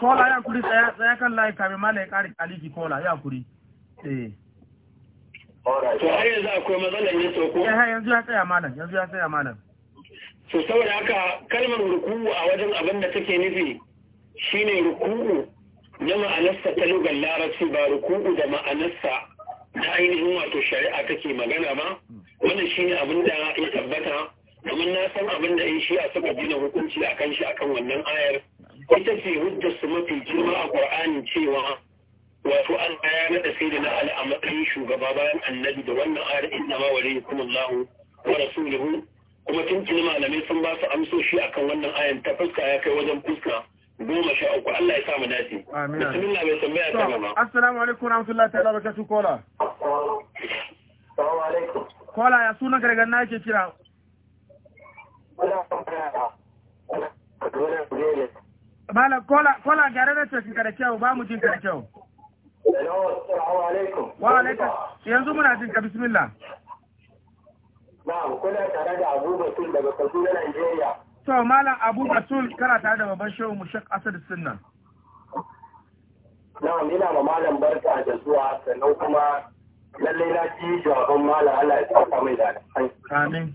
kola ya kuri tsaya kan layi kamin ma layi kari kaliki kola ya kuri eh ya yanzu akwai matsalar ne to eh, yanzu ya tsaya malam yanzu ya tsaya malam to saboda haka kalmar ruku'u a wajen abin da take nufi shine ruku'u na ma'anarsa ta lugar larabci ba ruku'u da ma'anarsa na ainihin wato shari'a take magana ba wannan shine abin da ya tabbata domin na san abin da in shi a saba gina hukunci a kan shi akan wannan ayar ita ce hujjar su mafi girma a qur'ani cewa wato an ya naɗa sai da na ali a matsayin shugaba bayan annabi da wannan ayar inna ma waliyukum allahu wa rasuluhu kuma tuntuni malamai sun ba su amsoshi akan wannan ayar ta fuska ya kai wajen fuska goma sha uku Allah ya samu dace. Amin. Bismillah bai tambaya ta gaba. Assalamu alaikum warahmatullahi ta'ala barakatuh kola. Assalamu alaikum. Kola ya sunan gargan na yake kira. Malam kola kola gyara da ka da kyau ba mu jinka da kyau. Wa alaikum. Yanzu muna jinka bismillah. Na'am kuna tare da Abu Batul daga Kaduna Najeriya. To malam Abu Batul kana tare da babban shehu mu Sheikh Asad Sunna. Na'am ina ma malam barka da zuwa sannan kuma lallai na ji jawaban malam Allah ya tsaka mai da. Amin.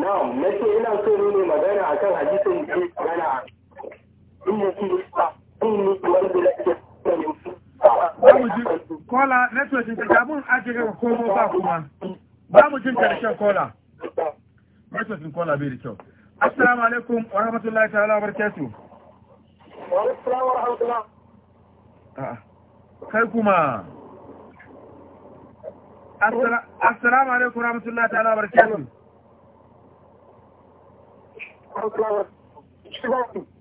na'am na ina so ne ne magana akan hadisin da ya magana inda shi ne sa inni wanda da ke kola network ɗin ta mun ajiye ka komo ba kuma ba mu jin karshen kola network ɗin kola bai da kyau assalamu alaikum wa rahmatullahi ta'ala wa barakatuh wa assalamu wa rahmatullah kai kuma assalamu alaikum wa rahmatullahi ta'ala wa barakatuh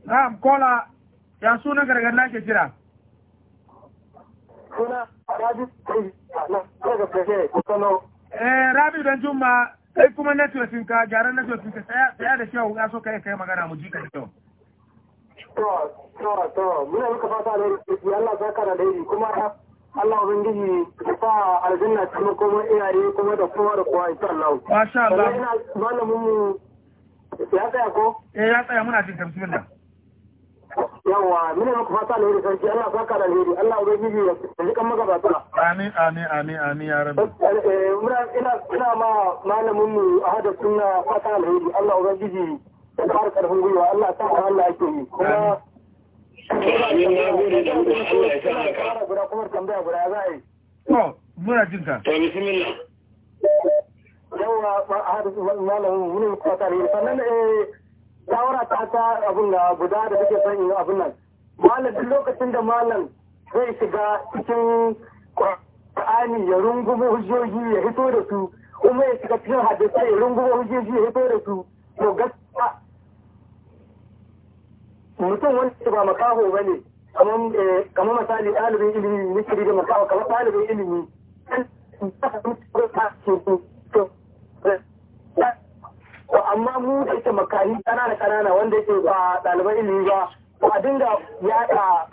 Na'am kola ya suna gargar nake jira. Rabi don eh, Juma kai kuma network ka gyaran network ka saya da kyau ya so kai kai magana mu ji ka da kyau. To to to muna Allah da yi kuma Allah fa kuma kuma kuma da kowa da kowa insha Allah. Masha Allah. mu ya tsaya ko? eh ya tsaya muna jin kamsu minna yawa muna muku fata alheri sarki Allah saka da alheri Allah ubangiji ya rika magabata amin amin amin amin ya rabbi eh muna ina suna ma malamin mu ahada sunna fata alheri Allah ubangiji ya fara karfin gwiwa Allah ta ka Allah yake yi kuma To, muna jinka. To, bismillah. yawa malamin wani kwatari sannan shawara ta ta abin da guda da take son yin abin nan malam duk lokacin da malam zai shiga cikin Qur'ani ya rungumo hujjoji ya hito da su kuma ya shiga cikin hadisi ya rungumo hujjoji ya hito da su to gaskiya mutum wanda ba makaho bane kamar misali ɗalibin ilimi misiri da makaho kamar ɗalibin ilimi to amma mu da ke makani kanana kanana wanda yake ba dalibai ilimi ba to a dinga yaɗa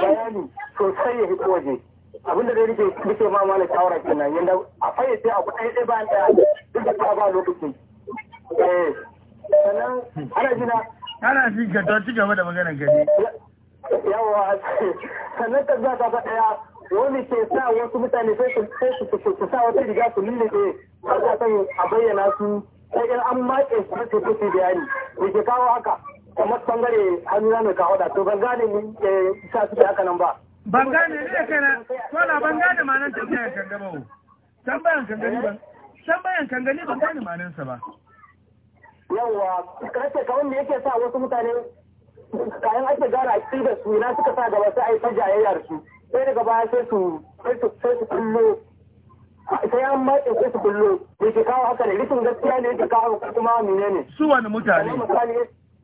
bayani sosai ya hito waje abin da dai nake nake ma mana shawara kenan yanda a fayyace abu ɗaya ɗaya bayan ɗaya duk da ba lokaci eh sannan ana jina ana ga ka ci gaba da maganar gani yawa sannan ta za ta ɗaya wani ke sa wasu mutane sai su sa wata riga su lullube ba sa a bayyana su sai in an maƙe su su su su bayani me ke kawo haka kamar bangare hannuna mai kawo da to ban gane ni sa su haka nan ba. ban gane ni ne kana kola ban gane ma nan tambayan kanga wo tambayan kangani ban tambayan kangani ban gane ma nan sa ba. yawwa kace kamar me yake sa wasu mutane kayan ake gara a cikin da su na suka sa gaba sai a yi ta jayayyar su. sai daga baya sai su sai kullo sai an matse sai su kullo da ke kawo haka ne rikin gaskiya ne da kawo kuma mine ne su wani mutane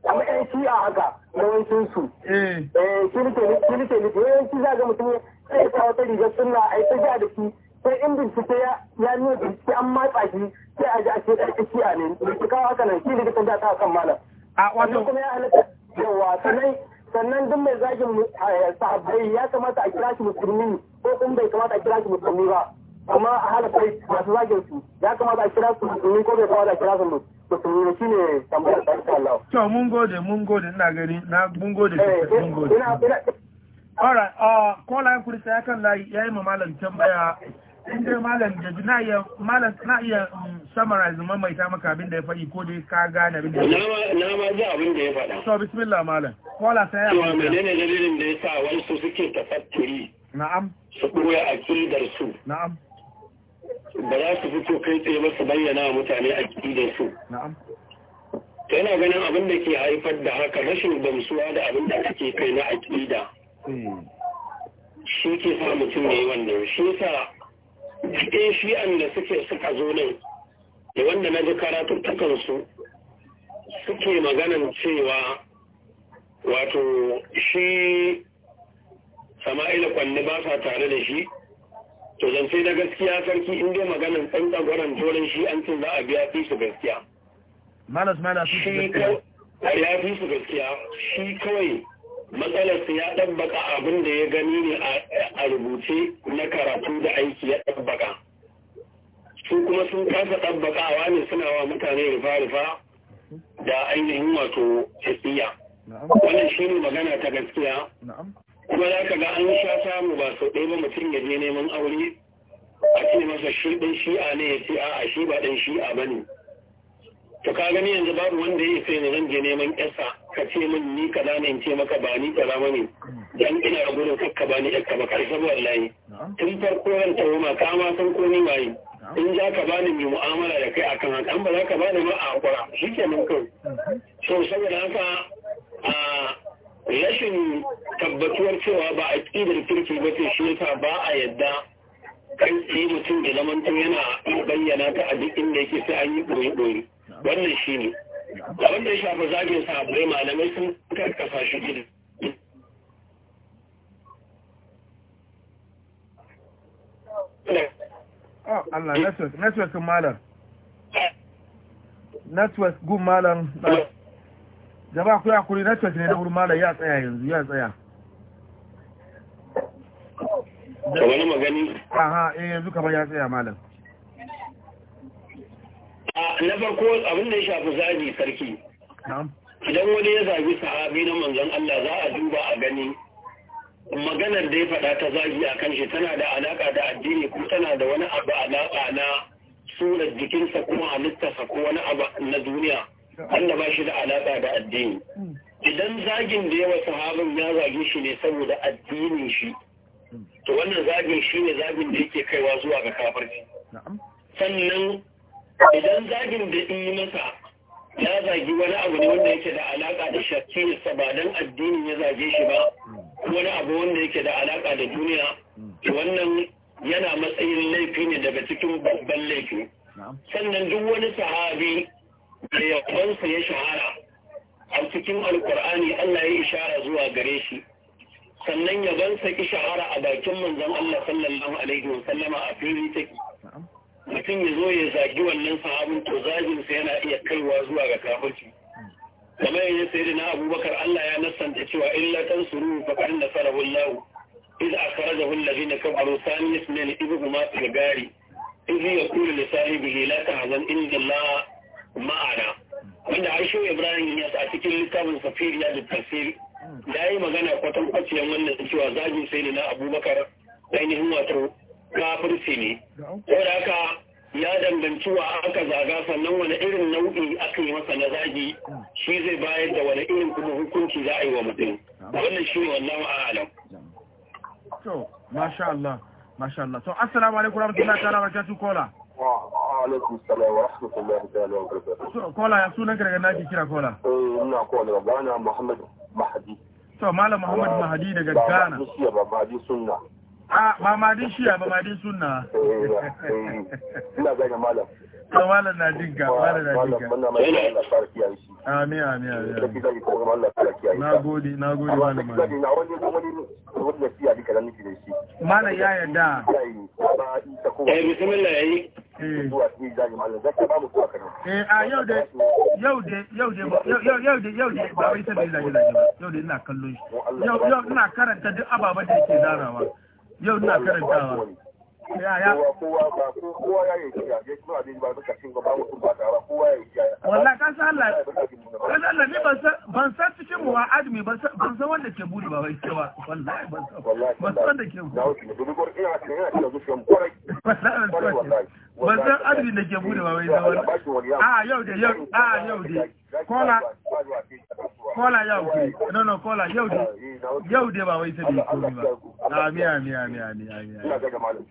amma yan shi'a haka yawancin su eh kirke ne kirke ne yawanci za ga mutum sai ya kawo ta rigar sunna ai ta ja da shi sai in bincike ya nuna bincike an matsa shi sai a ji a ce ɗan shi'a ne da ke kawo haka nan shi ne da ta ja ta kan malam a wato kuma ya halatta yawa sannan sannan duk mai zagin eh, sahabbai ya kamata a kira shi musulmi ko kuma bai kamata a kira shi musulmi ba kuma a kai masu zagin su ya kamata a kira su musulmi ko bai kamata a kira su musulmi ne shine tambayar da insha Allah to mun gode mun gode ina gani na mun gode eh, mun gode alright uh call line kurisa ya kan layi yayi mamalan tambaya in dai malam da na iya malam na iya um, summarize mun mai ta maka abin da ya faɗi ko dai ka gane abin da ya faɗi na ma ji abin da ya faɗa so bismillah malam kola sai ya faɗa menene dalilin da yasa wasu suke tafakkuri na'am su koya akidar su na'am ba za su fito kai tsaye ba su bayyana wa mutane akidar su na'am Kai yana ganin abin da ke haifar da haka rashin gamsuwa da abin da kake kai na akida eh. shi ke sa mutum ne wannan shi sa cikin shi'an da suke suka zo nan da wanda na ji karatuttukansu suke maganan cewa wato shi sama'ila kwanne ba sa tare da shi to zance na gaskiya sarki in dai maganan ɗan tsagwaron turan shi an ce za a biya fi su gaskiya malas malas su gaskiya shi kawai matsalarsa ya ɗabbaka abin da ya gani ne a rubuce na karatu da aiki ya ɗabbaka su kuma sun kasa ɗabbakawa ne suna wa mutane rufa-rufa da ainihin wato tafiya wannan shi ne magana ta gaskiya kuma za ka ga an sha samu ba sau ɗaya ba mutum ya je neman aure a ce masa shi ɗan shi'a ne ya ce a'a shi ba ɗan shi'a ba ne to ka gani yanzu babu wanda ya fi ni zan je neman ƙasa ka ce min ni ka da ne ce maka ba ni kaza mani dan ina gurin kakka ba ni ƙasa ba karshe wallahi tun farko ran ta ma ka ma san ko ni waye in za ka bani mai mu'amala da kai akan haka an ba za ka bani ma a hakura shikenan kai so saboda haka a rashin tabbatuwar cewa ba a ƙidar kirki ba ce shi yasa ba a yadda kan tsaye mutum da zamantan yana bayyana ta a duk inda yake sai an yi ɓoye-ɓoye. wannan shi ne abin da ya shafi zagin sa sahabbai malamai sun karkasa shi gidi ah, Allah network network sun malar network gun malam jaba ku ya kuri network ne na wurin malar ya tsaya yanzu ya tsaya da wani magani aha eh yanzu kamar ya tsaya malar na farko abin da ya shafi zabi sarki idan wani ya zagi sahabi na manzon Allah za a duba a gani maganar da ya faɗa ta zagi a kan shi tana da alaƙa da addini ko tana da wani abu alaƙa na surar jikinsa kuma halittarsa ko wani abu na duniya Allah ba shi da alaƙa da addini idan zagin da yawa sahabin ya zage shi ne saboda addinin shi to wannan zagin shi ne zagin da yake kaiwa zuwa ga kafirci sannan idan zagin da in yi masa ya zagi wani abu ne wanda yake da alaka da shakiyarsa ba dan addinin ya zage shi ba wani abu wanda yake da alaka da duniya wannan yana matsayin laifi ne daga cikin babban laifi sannan duk wani sahabi da yabansa ya shahara a cikin alkur'ani Allah ya ishara zuwa gare shi sannan ban saki shahara a bakin manzon Allah sallallahu alaihi wa sallama a fili take mutum ya zo ya zagi wannan sahabin to zagin sa yana iya kaiwa zuwa ga kafirci kamar yayin sai na abubakar Allah ya nassanta cewa illa tansuru faqad nasarahu Allah إذ akhrajahu alladhina kafaru thani اثنين ibuhuma هما في الغار إذ يقول لصاحبه لا تحزن إن الله ma'ana. wanda har Ibrahim ya sa cikin littafin Safiriya da tafsir da magana kwatan kwaciyan wannan cewa zagin sai na Abubakar ainihin wato kafirci ne da haka ya danganci wa aka zaga sannan wani irin nau'i aka yi masa na zagi shi zai bayar da wani irin kuma hukunci za a yi wa mutum wannan shi ne wannan alam to masha Allah masha Allah to assalamu alaikum warahmatullahi ta'ala barakatuh kola wa alaikum salam wa wa kola ya sunan daga kira kola eh ina kola daga Ghana Muhammad Mahdi daga Ghana ba sunna a ah, mamadin shiya mamadin sunna eh, ina gani malam to na jin ka malam na jin ka amin amin amin na gode na gode malam malam ya yarda eh bismillah yayi Eh a eh, ah, yau da yau da yau da yau yau da yau da ba wai ta da yau da ina kallon shi yau ina karanta duk ababen da yake zarawa yau na karantawa yaya kowa ya yi kira ya ba ba ya yi san Allah ka san Allah ni ban san cikin mu admi ban san wanda ke buri ba wai cewa wallahi ban san ban san wanda ke buri ba san adadin da ke bude ba wai zama a ah, yau da yau a ah, yau da kola kola yau ke no no kola yau da yau da ba wai komi ba ami ah, ami ami ami ami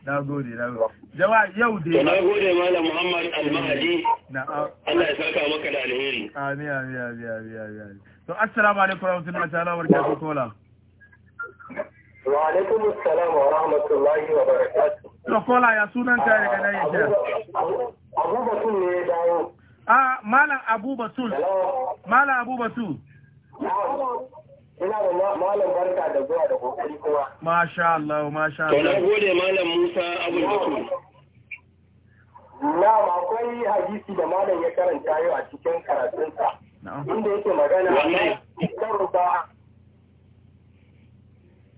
na gode na gode jawa yau da na gode malam muhammad almahdi na Allah ya saka maka da alheri ami ami ami ami ami to assalamu alaikum warahmatullahi wabarakatuh kola Wa alaikum assalam wa rahmatullahi wa barakatuh. kola ya sunanta daga nan yake. Abu ne ya dawo. Ah, Malam Abu Batul. Malam Abu Batul. da malam barka da zuwa da kokari kuma. Masha Allah, masha Allah. na Musa Na akwai hadisi da malam ya karanta yau a cikin karatunsa. Inda yake magana kan ruba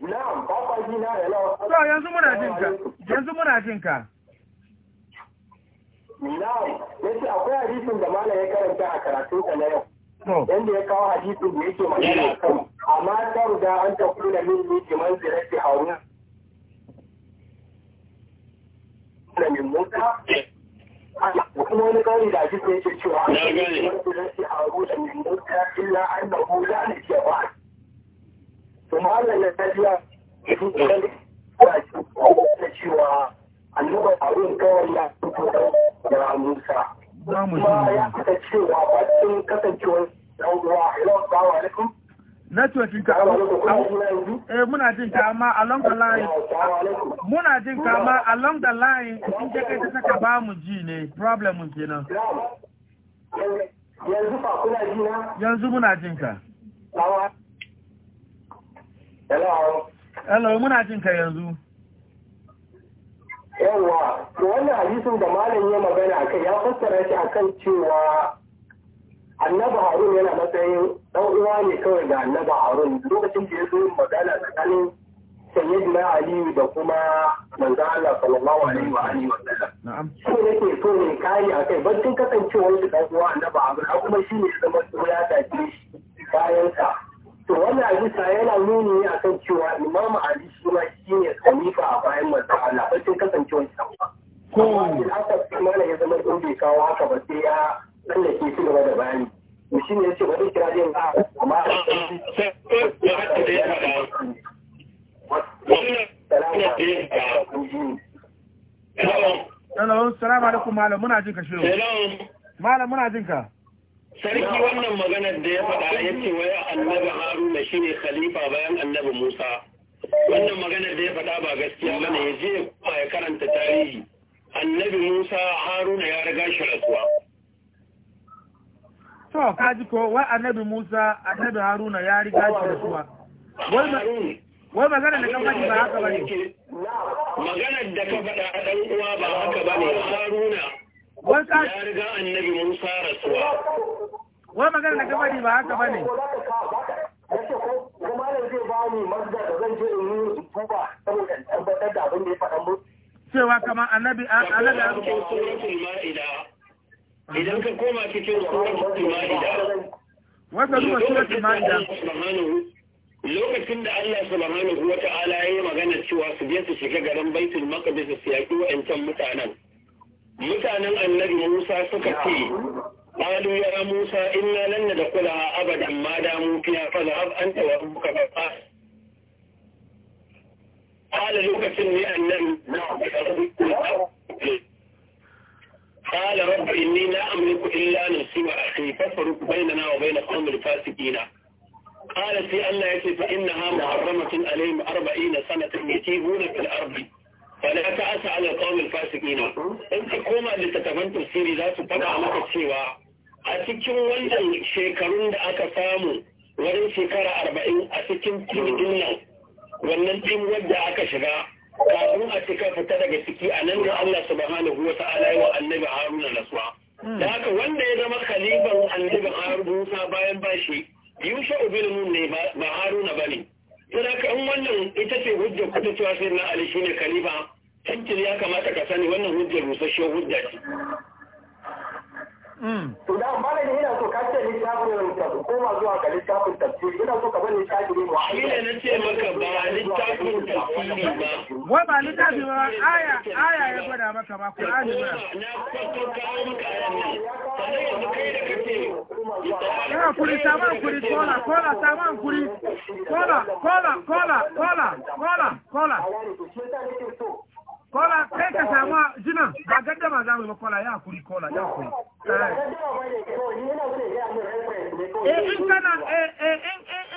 Na'am, papa na hello. To yanzu muna jin ka. Yanzu muna jin ka. Na'am, yace akwai hadisin da malam ya karanta a karatun sa na yau. Yanda ya kawo hadisin da yake magana akan amma ta riga an ta kula min ni kiman zirati haruna. Da min muka kuma wani kawai da hadisin yake cewa an ta kula min zirati haruna min muka illa annahu da ke ba. to ma'allar tafiya ya muna jin ka along the line muna jin along the line in je kai saka ba mu ji ne problem mun kenan yanzu fa kuna ji na yanzu muna jin ka Hello, muna jin ka yanzu. Yawwa, to wannan hadisin da malam ya magana kai ya fassara shi akan cewa Annabi Harun yana matsayin dan uwa ne kawai ga Annabi Harun lokacin da ya zo magana tsakanin Sayyidina Ali da kuma manzo Allah sallallahu alaihi wa alihi wa sallam. Na'am. Shi yake so ne kai akai bancin kasancewar shi dan uwa Annabi Harun kuma shi ne zama ya tafi bayan sa. to wannan hadisa yana nuni ne akan cewa imam ali shi ma shi ne khalifa a bayan manzo Allah bacin kasancewar sa ko haka kuma ya zama in bai kawo haka ba sai ya tsallake shi gaba da bayani to shi ne yace bari kira din ba amma Hello, salamu alaikum malam muna jin ka Malam muna jin ka. sarki wannan maganar da ya faɗa ya ce wai annabi haruna shine khalifa bayan annabi musa wannan maganar da ya faɗa ba gaskiya ne ya je kuma ya karanta tarihi annabi musa haruna ya riga shi rasuwa to ka ji ko wai annabi musa annabi haruna ya riga shi rasuwa wai maganar da ka faɗi ba haka bane maganar da ka faɗa dan uwa ba haka bane haruna wanka ya riga annabi Musa rasuwa wai magana da gabani ba haka bane yake ko kuma da zai ba ni mazda da zan je in yi tuba saboda tabbatar da abin da ya faɗa mu cewa kamar annabi annabi ya maida idan ka koma cikin suratul maida wata zuwa suratul maida lokacin da Allah subhanahu wa ta'ala ya yi magana cewa su je su shiga garin baitul maqdis su yaki wa'ancan mutanen mutanen annabi Musa suka ce qalu ya Musa inna lan nadkhulaha abadan ma damu fiha fa dhahab anta wa muka fa qala lokacin ne annabi قال رب إني لا أملك إلا نفسي وأخي فافرق بيننا وبين القوم الفاسقين قال في أن يكفي فإنها محرمة عليهم أربعين سنة يتيهون في الأرض wala ta asa ala qawmin na. in ka koma littattafan tafsiri za su faɗa maka cewa a cikin wannan shekarun da aka samu wurin shekara arba'in a cikin tirgin nan wannan tim wadda aka shiga kafin a cika fita daga ciki a nan da Allah subhanahu wa ta'ala wa annabi Haruna rasuwa hmm. da haka wanda ya zama khalifan annabi Haruna bayan bashi Yusha ibn Nun ne ba Haruna bane saboda in wannan ita ce hujjar kuta cewa sai na Ali shine khalifa tankir ya kamata ka sani wannan hujjar rusasshiyar hujja ce. Hmm. To da da ina so ka ce littafin koma zuwa ga littafin tafsir ina so ka bani littafin mu shi ne na ce maka ba littafin tafsiri ba. Wai ba littafi ba aya aya ya gwada maka ba Qur'ani ba. Na kwato kawo maka ayan nan. Sannan yanzu kai da kace Ina kuri sama kuri kola kola sama kuri kola kola kola kola kola kola. kola sai ka samu jina ba gaddama za mu yi ya kuri kola ya kuri eh in kana eh, eh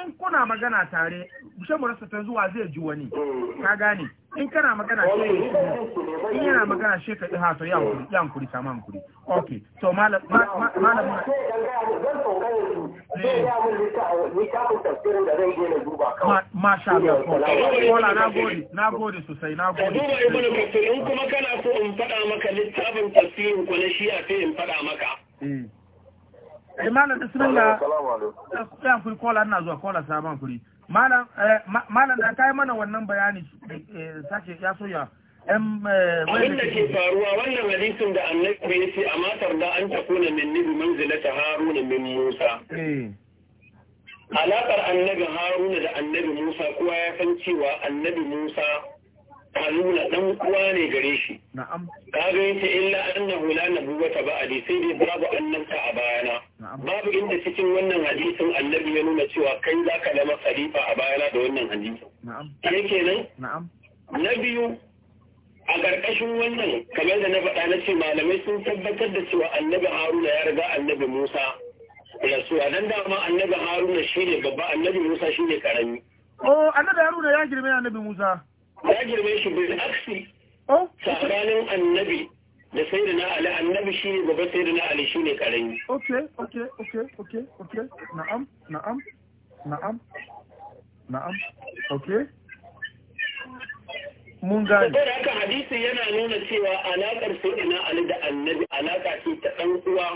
in kuna magana tare bushe mu rasa ta zuwa zai ji wani ka gane in kana magana shi in yana magana shi ka ha to yan kuri yan kuri sama kuri okay to malam malam masha Allah kola na gode na gode sosai na gode in kuma kana so in faɗa maka littafin tafsirin ko shi a sai in faɗa maka eh, eh malam ga ya kuri kola ina zuwa kola sama kuri Eh, malam da yi mana wannan bayani eh, eh, sake ya soya abin da ke faruwa wannan hadisin da annabi ya ce a matar da an takuna min nibi ta haruna min musa alaƙar annabi haruna da annabi musa kowa ya san cewa annabi musa qalula dan uwa ne gare shi na'am kaga yace illa annahu la nabuwata ba'di sai dai babu annabta a bayana babu inda cikin wannan hadisin annabi ya nuna cewa kai zaka zama khalifa a bayana da wannan hadisin na'am kenan na'am na biyu a ƙarƙashin wannan kamar da na faɗa na ce malamai sun tabbatar da cewa annabi haruna ya riga annabi musa rasuwa don dama annabi haruna shi ne gaba annabi musa shi ne ƙarami. oh annabi haruna ya girme annabi musa. ya girme shi bil aksi tsakanin annabi da sai da na annabi shi ne gaba sai da na shi ne karami ok ok ok ok ok na'am na'am na'am na'am ok mun gane saboda haka hadisi yana nuna cewa alaƙar sai da na ali da annabi alaƙa ce ta ɗan uwa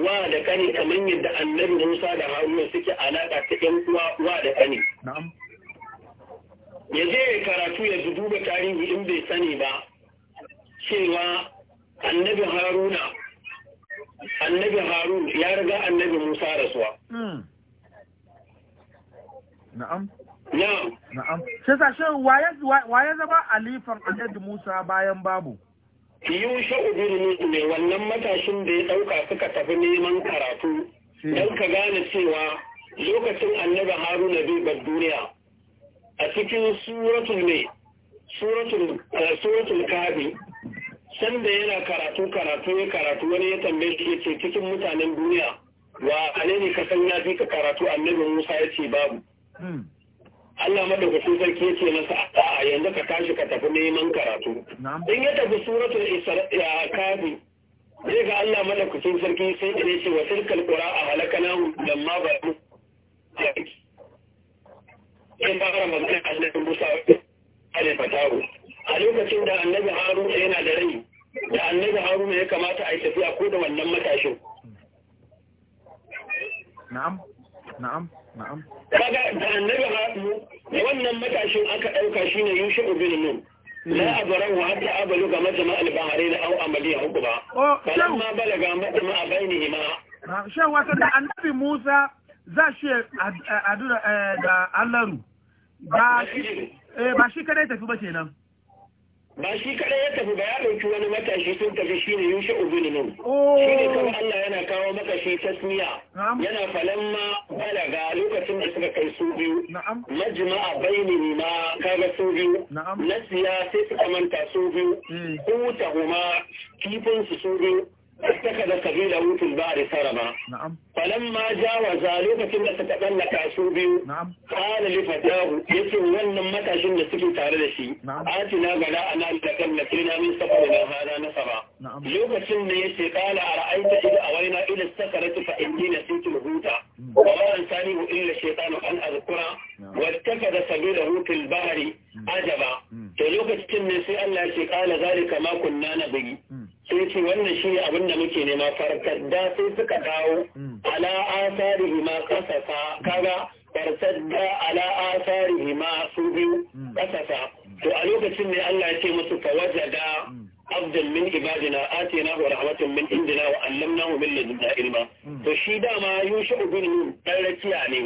wa da kani kamar yadda annabi Musa da Haruna suke alaƙa ta ɗan uwa wa da kani na'am ya je ya karatu ya duba tarihi in bai sani ba cewa annabi haruna annabi harun ya riga annabi musa rasuwa hmm. na'am na'am sai wa ya zama alifan annabi musa bayan babu yusha ubirni ne wannan matashin da ya dauka suka tafi neman karatu don ka gane cewa lokacin annabi haruna bai bar duniya a cikin suratul mai suratul eh, kabi sanda yana karatu karatu ya karatu wani ya tambaye shi ce cikin mutanen duniya wa ne ne ka san ya fi ka karatu annabi Musa ya ce babu hmm. Allah madaukakin sarki ya ce masa a yanzu ka tashi ka tafi neman karatu in ya tafi suratul isra'a kabi zai ga Allah madaukakin sarki sai da ya ce wa tilkal qura'a halakana lamma ba'u in fara magana Musa alai fataru a lokacin da annabi Haruna yana da rai da annabi Haruna ya kamata a yi tafiya ko da wannan matashin na'am na'am na'am kaga da annabi Haru wannan matashin aka dauka shine Yusuf bin Nun لا أبره حتى أبلغ مجمع البحرين أو أمليه حكما فلما بلغ مجمع بينهما شو وصل النبي موسى za shi eh, a eh, da allaru Eh, ba shi kadai tafi ba kenan ba shi kadai ya tafi ba ya ɗauki wani matashi sun tafi shine ne yushe ubininin shi ne oh. Allah yana kawo maka shi tasmiya yana falamma balaga lokacin da suka kai su biyu majma'a bainini ma kaga su biyu nasiya sai suka manta su biyu eh. huma kifin su su biyu اتخذ سبيله في البحر سربا نعم فلما جاوز lokacin da suka tsallaka su biyu na'am qala li fatahu wannan matashin da suke tare da shi atina gada ana da na min safarina hada nasaba lokacin ne yace qala ara'aita idza awayna ila sakarati fa inni nasitu al-huta mm. wa ma ansani illa shaytanu an azkura wa اتخذ سبيله في البحر ajaba hmm. to lokacin ne sai Allah ke ce kala zalika ma kunna nabigi hmm. sai ce wannan shi abin da muke nema farkar da sai suka dawo hmm. ala asarihi ma kasasa kaga farkar ala asarihi ma su biyu ƙasasa. to a lokacin ne Allah ya ce musu fawajada abdan min ibadina atina wa rahmatan min indina wa allamnahu min ladunna ilma mm. to shi dama yusha ibn nun dan rakiya ne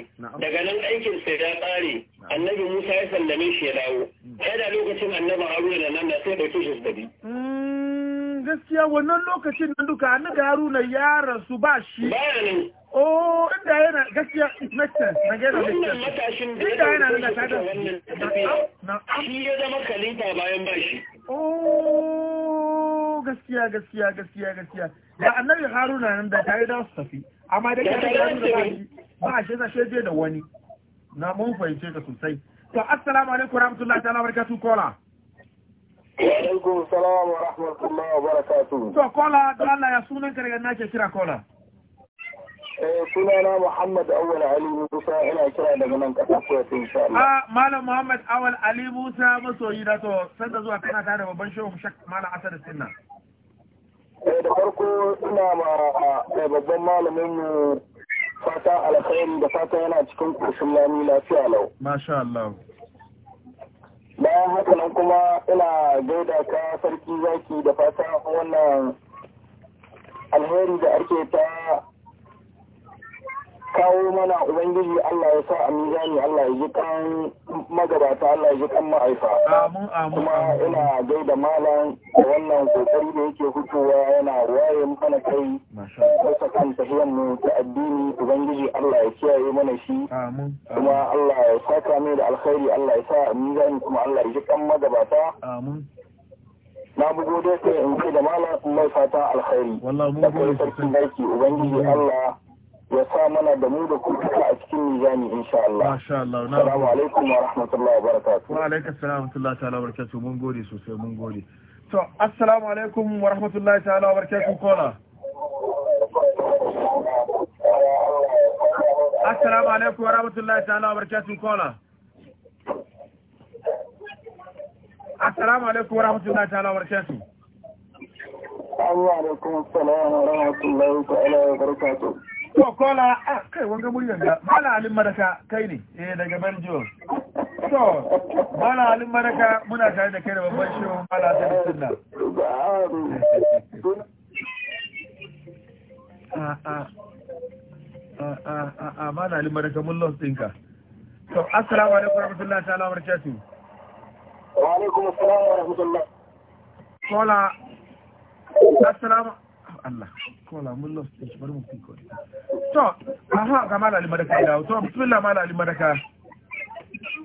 daga nan aikin sa ya tsare annabi Musa ya sallame shi ya dawo kada mm. lokacin annabi Haruna nan da sai dauke shi dabi mm, gaskiya wannan lokacin nan duka annabi Haruna ya rasu ba shi ba ne Oh, inda yana gaskiya na makes Magana Wannan matashin da ta yana da kada wannan shi ya zama khalifa bayan bashi. Oh, gaskiya gaskiya gaskiya gaskiya. Da Annabi Haruna nan da tare da su tafi. Amma da kada Haruna da shi ba shi sai je da wani. Na mun fahimce ka sosai. To assalamu alaikum warahmatullahi ta'ala barakatuh kola. Wa alaikum salam wa rahmatullahi wa barakatuh. To kola, don Allah ya sunan ka daga nake kira kola. Eh, sunana Muhammad Awal Ali Musa ina kira daga nan kasa Kuwait insha Allah. Ah Malam Muhammad Awal Ali Musa masoyi da to sanda zuwa kana tare da babban shehu Mushak Malam Asad Sinna. Eh da farko ina ma eh, babban malamin mu fata alkhairi da fata yana cikin koshin lami lafiya lau. Masha Allah. Bayan haka nan kuma ina gaida ka sarki zaki da fata wannan alheri da ake ta kawo mana ubangiji Allah ya sa a mizani Allah ya ji kan magabata Allah ya ji kan ma'aifa kuma ina gaida malam da wannan kokari da yake hutuwa yana waye mana kai masu kan tahiyar mu ta addini ubangiji Allah ya kiyaye mana shi kuma Allah ya saka mai da alkhairi Allah ya sa a mizani kuma Allah ya ji kan magabata na bugo dai sai in ce da malam mai fata alkhairi wallahi mun gode sarki ubangiji Allah ya sa mana da mu da kuka a cikin mizani insha Allah. Masha Allah. Assalamu alaikum wa rahmatullahi wa barakatuh. Wa alaikum assalam wa rahmatullahi ta'ala wa barakatuh. Mun gode sosai mun gode. To assalamu alaikum wa rahmatullahi ta'ala wa barakatuh kola. Assalamu alaikum wa rahmatullahi ta'ala wa barakatuh kola. Assalamu alaikum wa rahmatullahi ta'ala wa barakatuh. Allah alaikum assalam wa rahmatullahi ta'ala wa barakatuh. to kola a ah, kai wanga muryan da mala alin maraka kai ne eh daga Belgium to mala alin maraka muna tare da kai da babban shehu mala ta sunna a a a a mala alin maraka ah, ah, mun lost ɗinka to assalamu alaikum warahmatullahi ta'ala barakatuh wa alaikum assalam warahmatullahi kola assalamu Allah kola mun lost mu fi kola to aha ga mala to bismillah mala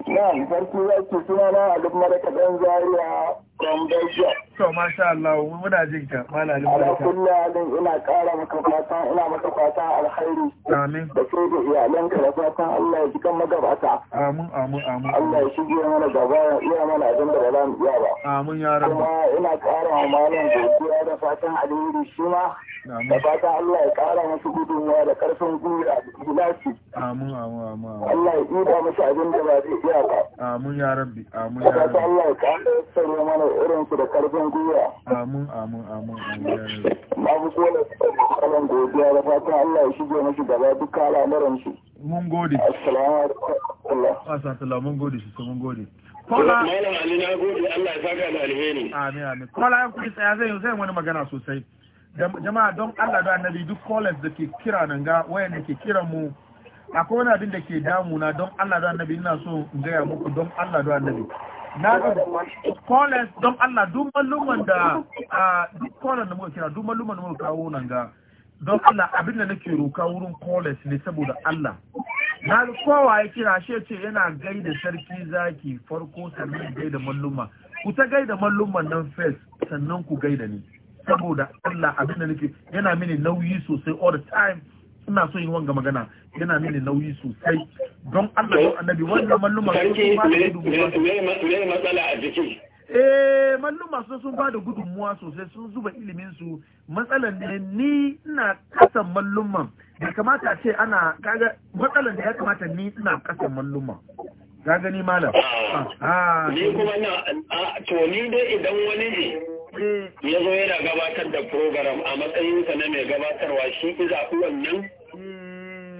na farko ya ce suna na alimaraka from Belgium. To masha Allah muna jin ka malami jin Ala kullu halin ina ƙara maka fata ina maka fata alkhairi. Amin. Da ke da iyalanka da fatan Allah ya ji kan magabata. Amin amin amin. Allah ya shige mana gaba ya iya mana abin da ba za mu iya ba. Amin ya rabba. Kuma ina ƙara wa malam godiya da fatan alheri shi ma. Da fatan Allah ya ƙara gudun gudunmawa da ƙarfin gwiwa da gilashi. Amin amin amin. Allah ya ɗiba musu abin da ba zai iya ba. Amin ya rabbi amin ya rabbi. Da fatan Allah ya ƙara tsaro mana irin su da karfin gwiwa. Amin amin amin amin. Na fi so da kalan godiya da fatan Allah ya shige mashi gaba duk al'amuran shi. Mun gode. Assalamu alaikum. Mun gode shi mun gode. Kola. Malam Ali na gode Allah ya saka da alheri. Amin amin. Kola ya kuɗi tsaya zai zai wani magana sosai. Jama'a don Allah da annabi duk callers da ke kira nan ga wayan da ke kiran mu akwai wani abin da ke damuna don Allah da annabi ina so in gaya muku don Allah da annabi na college don Allah duk malluman da duk da muka kira duk malluman da muka kawo nan ga don Allah abin da nake roka wurin college ne saboda Allah na kowa ya kira shi ce yana gaida sarki zaki farko sannan gaida malluma ku ta gaida malluman nan fes sannan ku gaida ni saboda Allah abin da nake yana mini nauyi sosai all the time ina so yin wanga magana yana nuna nauyi sosai don Allah don annabi wannan malluma sun ba da gudunmuwa eh malluma sun sun ba da gudunmuwa sosai sun zuba ilimin su matsalan ne ni ina kasan malluman da kamata ce ana kaga matsalan da ya kamata ni ina kasan malluman ka gani malam ah, ah, ni kuma na ah, to ni dai idan wani ne eh. ya zo yana gabatar da program a matsayinsa na mai gabatarwa shi ki zaɓi wannan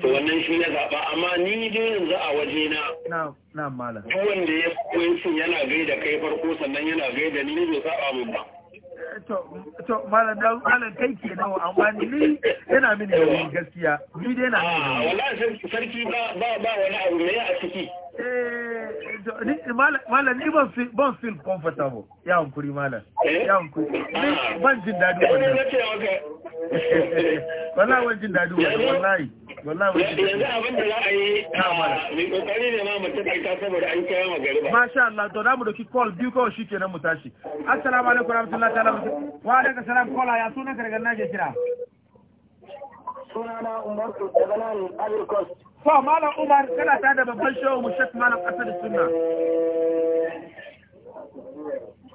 to wannan shi ya zaɓa amma ni dai yanzu a waje na na malam duk wanda ya koyi sun yana gai da kai farko sannan yana gai da ni bai saba min ba to to malam da malam kai ke nawa amma ni yana mini da gaskiya ni dai na ah wallahi sarki ba ba ba wani abu ne a ciki Mala, eh, ni ban feel comfortable ya hankuri Mala, eh? ya hankuri ah. ban jin daɗi wannan eh, wala ban jin daɗi wannan wallahi yanzu abin da za a yi a mai kokari ne ma mutum kai ta saboda an kira magari ba masha Allah to da mu doki call biyu kawai shi kenan mu tashi assalamu alaikum warahmatullahi ta'ala wa alaikum salam kola ya sunan ka daga nan ke kira Suna na Umar daga nan Agirkos to malam Umar kana ta da babban shehu mu shek malam Asad suna.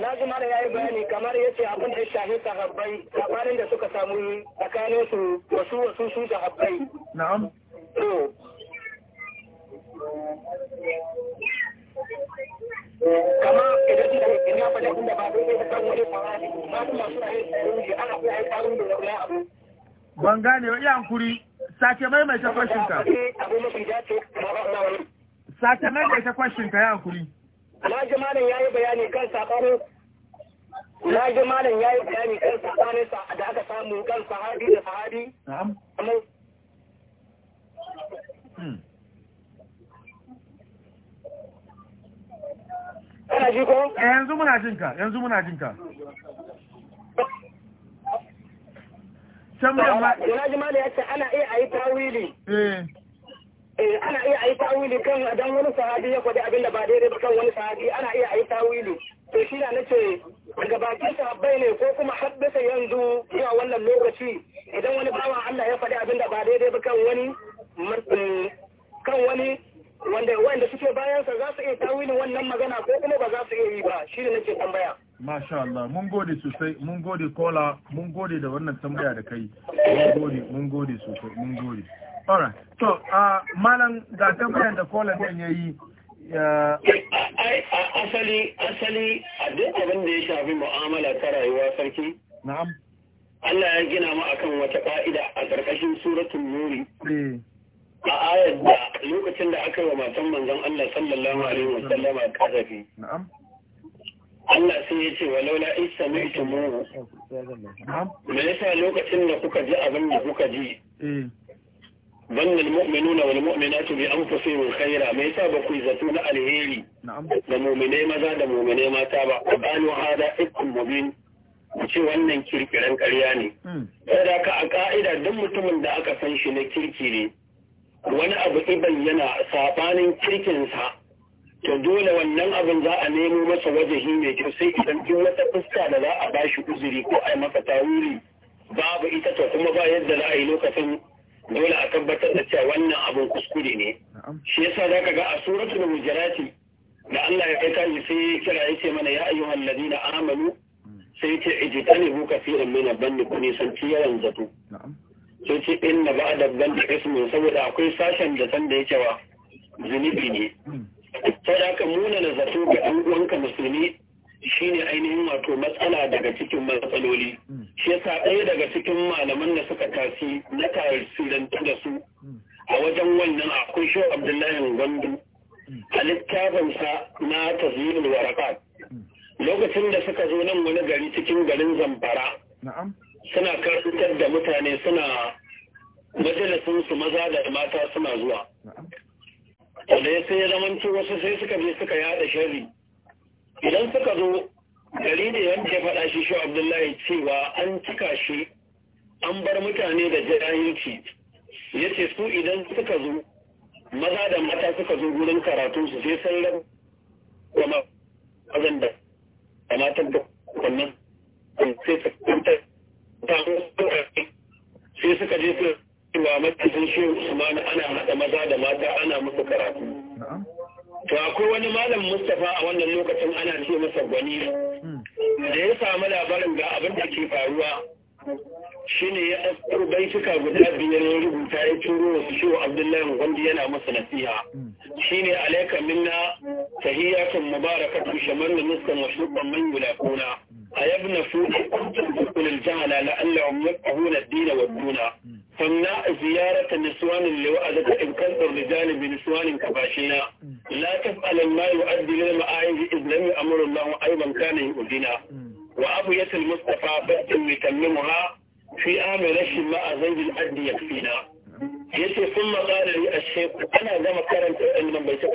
na ji mara yayi bayani kamar yace abin da ya shafi sahabbai labarin da suka samu tsakanin su wasu wasu su sahabbai na'am to kama idan ina faɗa inda ba dole ba kan wani fara ma kuma suna yin tsarunji ana kuma yin tsarun da wani abu ban gane ba iya hankuri sake maimaita kwashinka sake maimaita ka ya hankuri na ji malam ya yi bayani kan saɓanin na ji ya yi bayani kan da aka samu kan sahabi da sahabi hmm. Kana ji ko? Eh, yanzu muna jinka, yanzu muna jinka. malam ya ce ana iya a yi tawili. Eh. Eh, ana iya ayi tawili kan dan wani sahabi ya faɗi abin da ba daidai ba kan wani sahabi ana iya ayi tawili to shi na nace daga bakin sahabbai ne ko kuma haddasa yanzu zuwa wannan lokaci idan wani bawa Allah ya faɗi abin da ba daidai ba kan wani eh, kan wani wanda wanda suke bayansa za su iya tawili wannan magana ko kuma ba za su iya yi ba shi ne nake tambaya Masha Allah, mun gode sosai, mun gode kola, mun gode da wannan tambaya da kai, mun gode, mun gode sosai, mun gode. Alright, so, a uh, malam ga tambayan da kola ɗin ya yi, eh, eh, eh, asali asali a duk abin da ya shafi mu'amala ta rayuwa sarki na'am Allah ya gina mu akan wata ka'ida a ƙarƙashin suratun nuri a ayar da lokacin da aka yi wa matan manzon Allah sallallahu alaihi wa sallama kasafi na'am Allah sai ya ce wa la in sami'tu me yasa lokacin da kuka ji abin da kuka ji banna almu'minuna wal mu'minatu bi anfusihim khaira me yasa ba ku zato na alheri da mu'minai maza da mu'minai mata ba qalu hada ikum mubin ku ce wannan kirkiran karya ne da ka a ka'ida duk mutumin da aka san shi na kirki ne wani abu iban yana sabanin kirkinsa to dole wannan abin za a nemo masa wajehi mai kyau sai idan kin wata fuska da za a ba shi uzuri ko a yi masa tawuri babu ita to kuma ba yadda za a yi lokacin dole a tabbatar da cewa wannan abin kuskure ne shi yasa za ka ga a da hujurati da Allah ya kai tashi sai ya kira ya ce mana ya ayyuhal ladina amanu sai ya ce ijtanibu kaseeran min al-banni kun santi yawan zato sai ce inna ba'da dhanbi ismun saboda akwai sashen da san da ya cewa zunubi ne hmm. sai da ka muna na zato ga ɗan musulmi shi ne ainihin wato matsala daga cikin matsaloli shi yasa ɗaya daga cikin malaman da suka tasi na tasirantu da su a wajen wannan akwai shi abdullahi gwandu a littafinsa na tasirin waraka lokacin da suka zo nan wani gari cikin garin zamfara suna karantar da mutane suna majalisinsu maza da mata suna zuwa wanda ya sai zamanci wasu sai suka je suka yada shari idan suka zo gari da yadda ya faɗa shi shi abdullahi cewa an cika shi an bar mutane da jahilci ya ce su idan suka zo maza da mata suka zo wurin karatu su sai sun da kuma mazan da matan da kwanan sai suka je su cewa matakin shi Usman ana haɗa maza da mata ana musu karatu. To akwai wani malam Mustapha a wannan lokacin ana ce masa gwani hmm. da ya samu labarin ga abin da ke faruwa shine ya ɗaukar baituka guda biyar ya rubuta ya turo wasu hmm. shi Abdullahi wanda yana masa nasiha shine alaika minna tahiyatun mubarakatu shamarru niskan wa shubban man yulaquna ayyabu na su ƙarƙarƙunin jihala na allawan ƙahunar dina wa duna sannan a ziyarata nisuwanin lewa a zaka in da janibi nisuwanin kabashina la ta falon ma yi wa'addi ne ma ayin ji izinin yi amurin lahun ayyuban kanin yi udina wa abu ya tul mustafa bakin mai ha fi amin rashin ma a zangin addi ya fi na ya ce sun matsara yi a shekku ana gama karanta yadda nan bai ta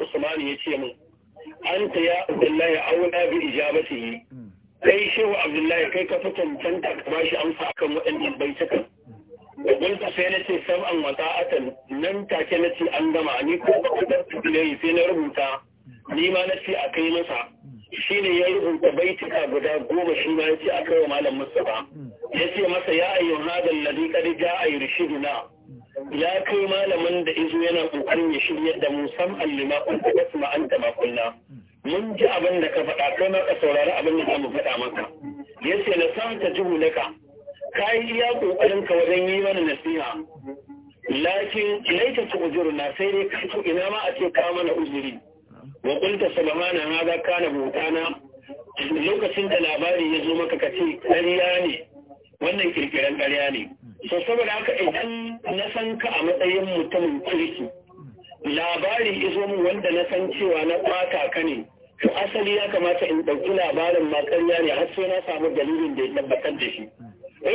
Usman ya ce mu anta ya abdullahi auna bi ijabatihi sai shehu abdullahi kai ka fi cancanta ka ba shi amsa akan waɗannan baitukan da gunta sai na ce an wata ta'atan nan take na ce an gama ni ko ba da sai na rubuta ni ma na ce a kai masa shine ya rubuta baituka guda goma shi ma ya ce a kai wa malam mustafa ya ce masa ya ayyuhan hadal ladhi qad ja'a yurshiduna ya kai malamin da izo yana kokarin ya shirya da mu sam'an lima kunta wasma anta ma kunna mun ji abin da ka faɗa kai ma ka saurari abin da za mu faɗa maka yace na san ta jihu naka yi iya ƙoƙarin ka wajen yi mana nasiha lakin laita ujuru na sai dai ka to ina ma a ce ka mana uzuri wa qulta subhana na kana mutana lokacin da labari ya zo maka ka ce ƙarya ne wannan kirkiran ƙarya ne so saboda haka idan na san ka a matsayin mutumin kirki labari ya zo min wanda na san cewa na ɓata ka ne to asali ya kamata in ɗauki labarin ma ƙarya ne har sai na samu dalilin da ya tabbatar da shi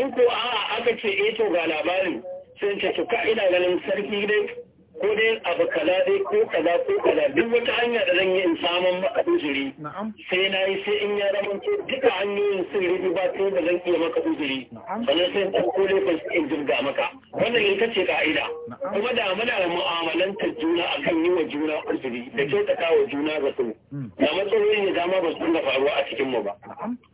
in ko a'a aka ce eto eh, to ga labarin sai ce to ka ina ganin sarki dai ko dai abu kala dai ko kaza ko kaza duk wata hanya da zan yi in samun maka uzuri sai na yi sai in ya zama duka hanyoyin sun rubu ba sai da zan iya maka uzuri sannan sai in ɗauko ba su in jirga maka wannan ita ce ka'ida kuma da muna mu'amalantar juna a kan yi wa juna uzuri da hmm. kyautata wa juna ga su hmm. da matsaloli ne dama ba su dinga faruwa a cikin mu ba.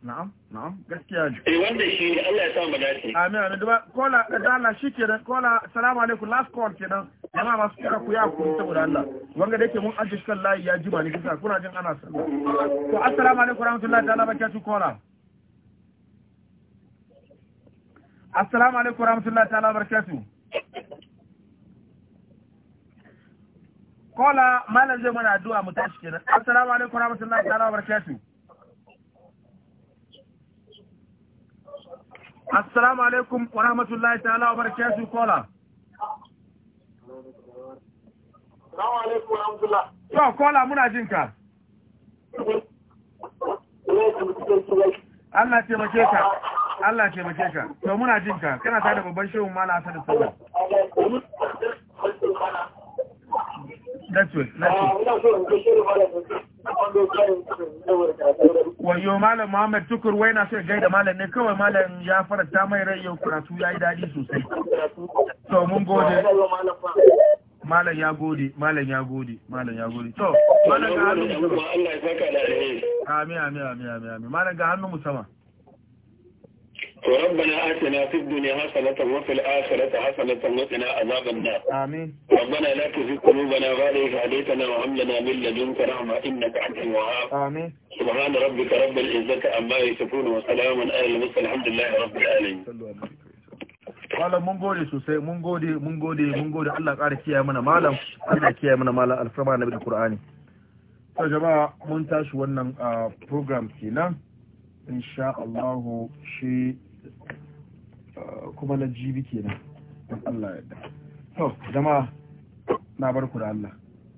Na'am, na'am, gaskiya ji. Eh wanda shi ne Allah ya sa mu dace. Amin, amin. Kola, da Allah shi kenan, kola, salamu alaikum, last call kenan. Jama'a masu kira ku ya hakuri saboda Allah wanga da yake mun ajiye kan layi ya ba ne kisa kuna jin ana sallah to assalamu alaikum warahmatullahi ta'ala barakatuh kola assalamu alaikum warahmatullahi ta'ala barakatuh kola malam zai mana addu'a mu tashi kenan assalamu alaikum warahmatullahi ta'ala barakatuh assalamu alaikum warahmatullahi ta'ala barakatuh kola Salamu alaikum wa rahmatullah. To, kola muna jin ka. Allah ce ka. ka. To muna jin ka. Kana ta da babban shehun Mala Hassan Sallah. That's it. Wayo Malam Muhammad Tukur wai na sai gaida Malam ne kawai Malam ya faranta mai rai yau karatu ya yi daɗi sosai. To mun gode. malam ya gode malam ya gode malam ya gode to malam ga hannun musamman Allah ya saka da alheri amin amin amin amin amin malam ga hannun musamman to rabbana atina fid dunya hasanatan wa fil akhirati hasanatan wa qina azaban nar amin rabbana la tuzigh qulubana ba'da idh hadaytana wa hab lana min ladunka rahma innaka antal wahhab amin subhana rabbika rabbil izzati amma yasifun wa salamun alal mursalin alhamdulillahi rabbil alamin malam mun gode sosai mun gode mun gode mun gode Allah ƙara kiyaye mana malam Allah kiyaye mana malam alfarma nabi da Qur'ani to jama'a mun tashi wannan program kenan insha Allah shi kuma na jibi kenan Allah ya yarda to jama'a na barku da Allah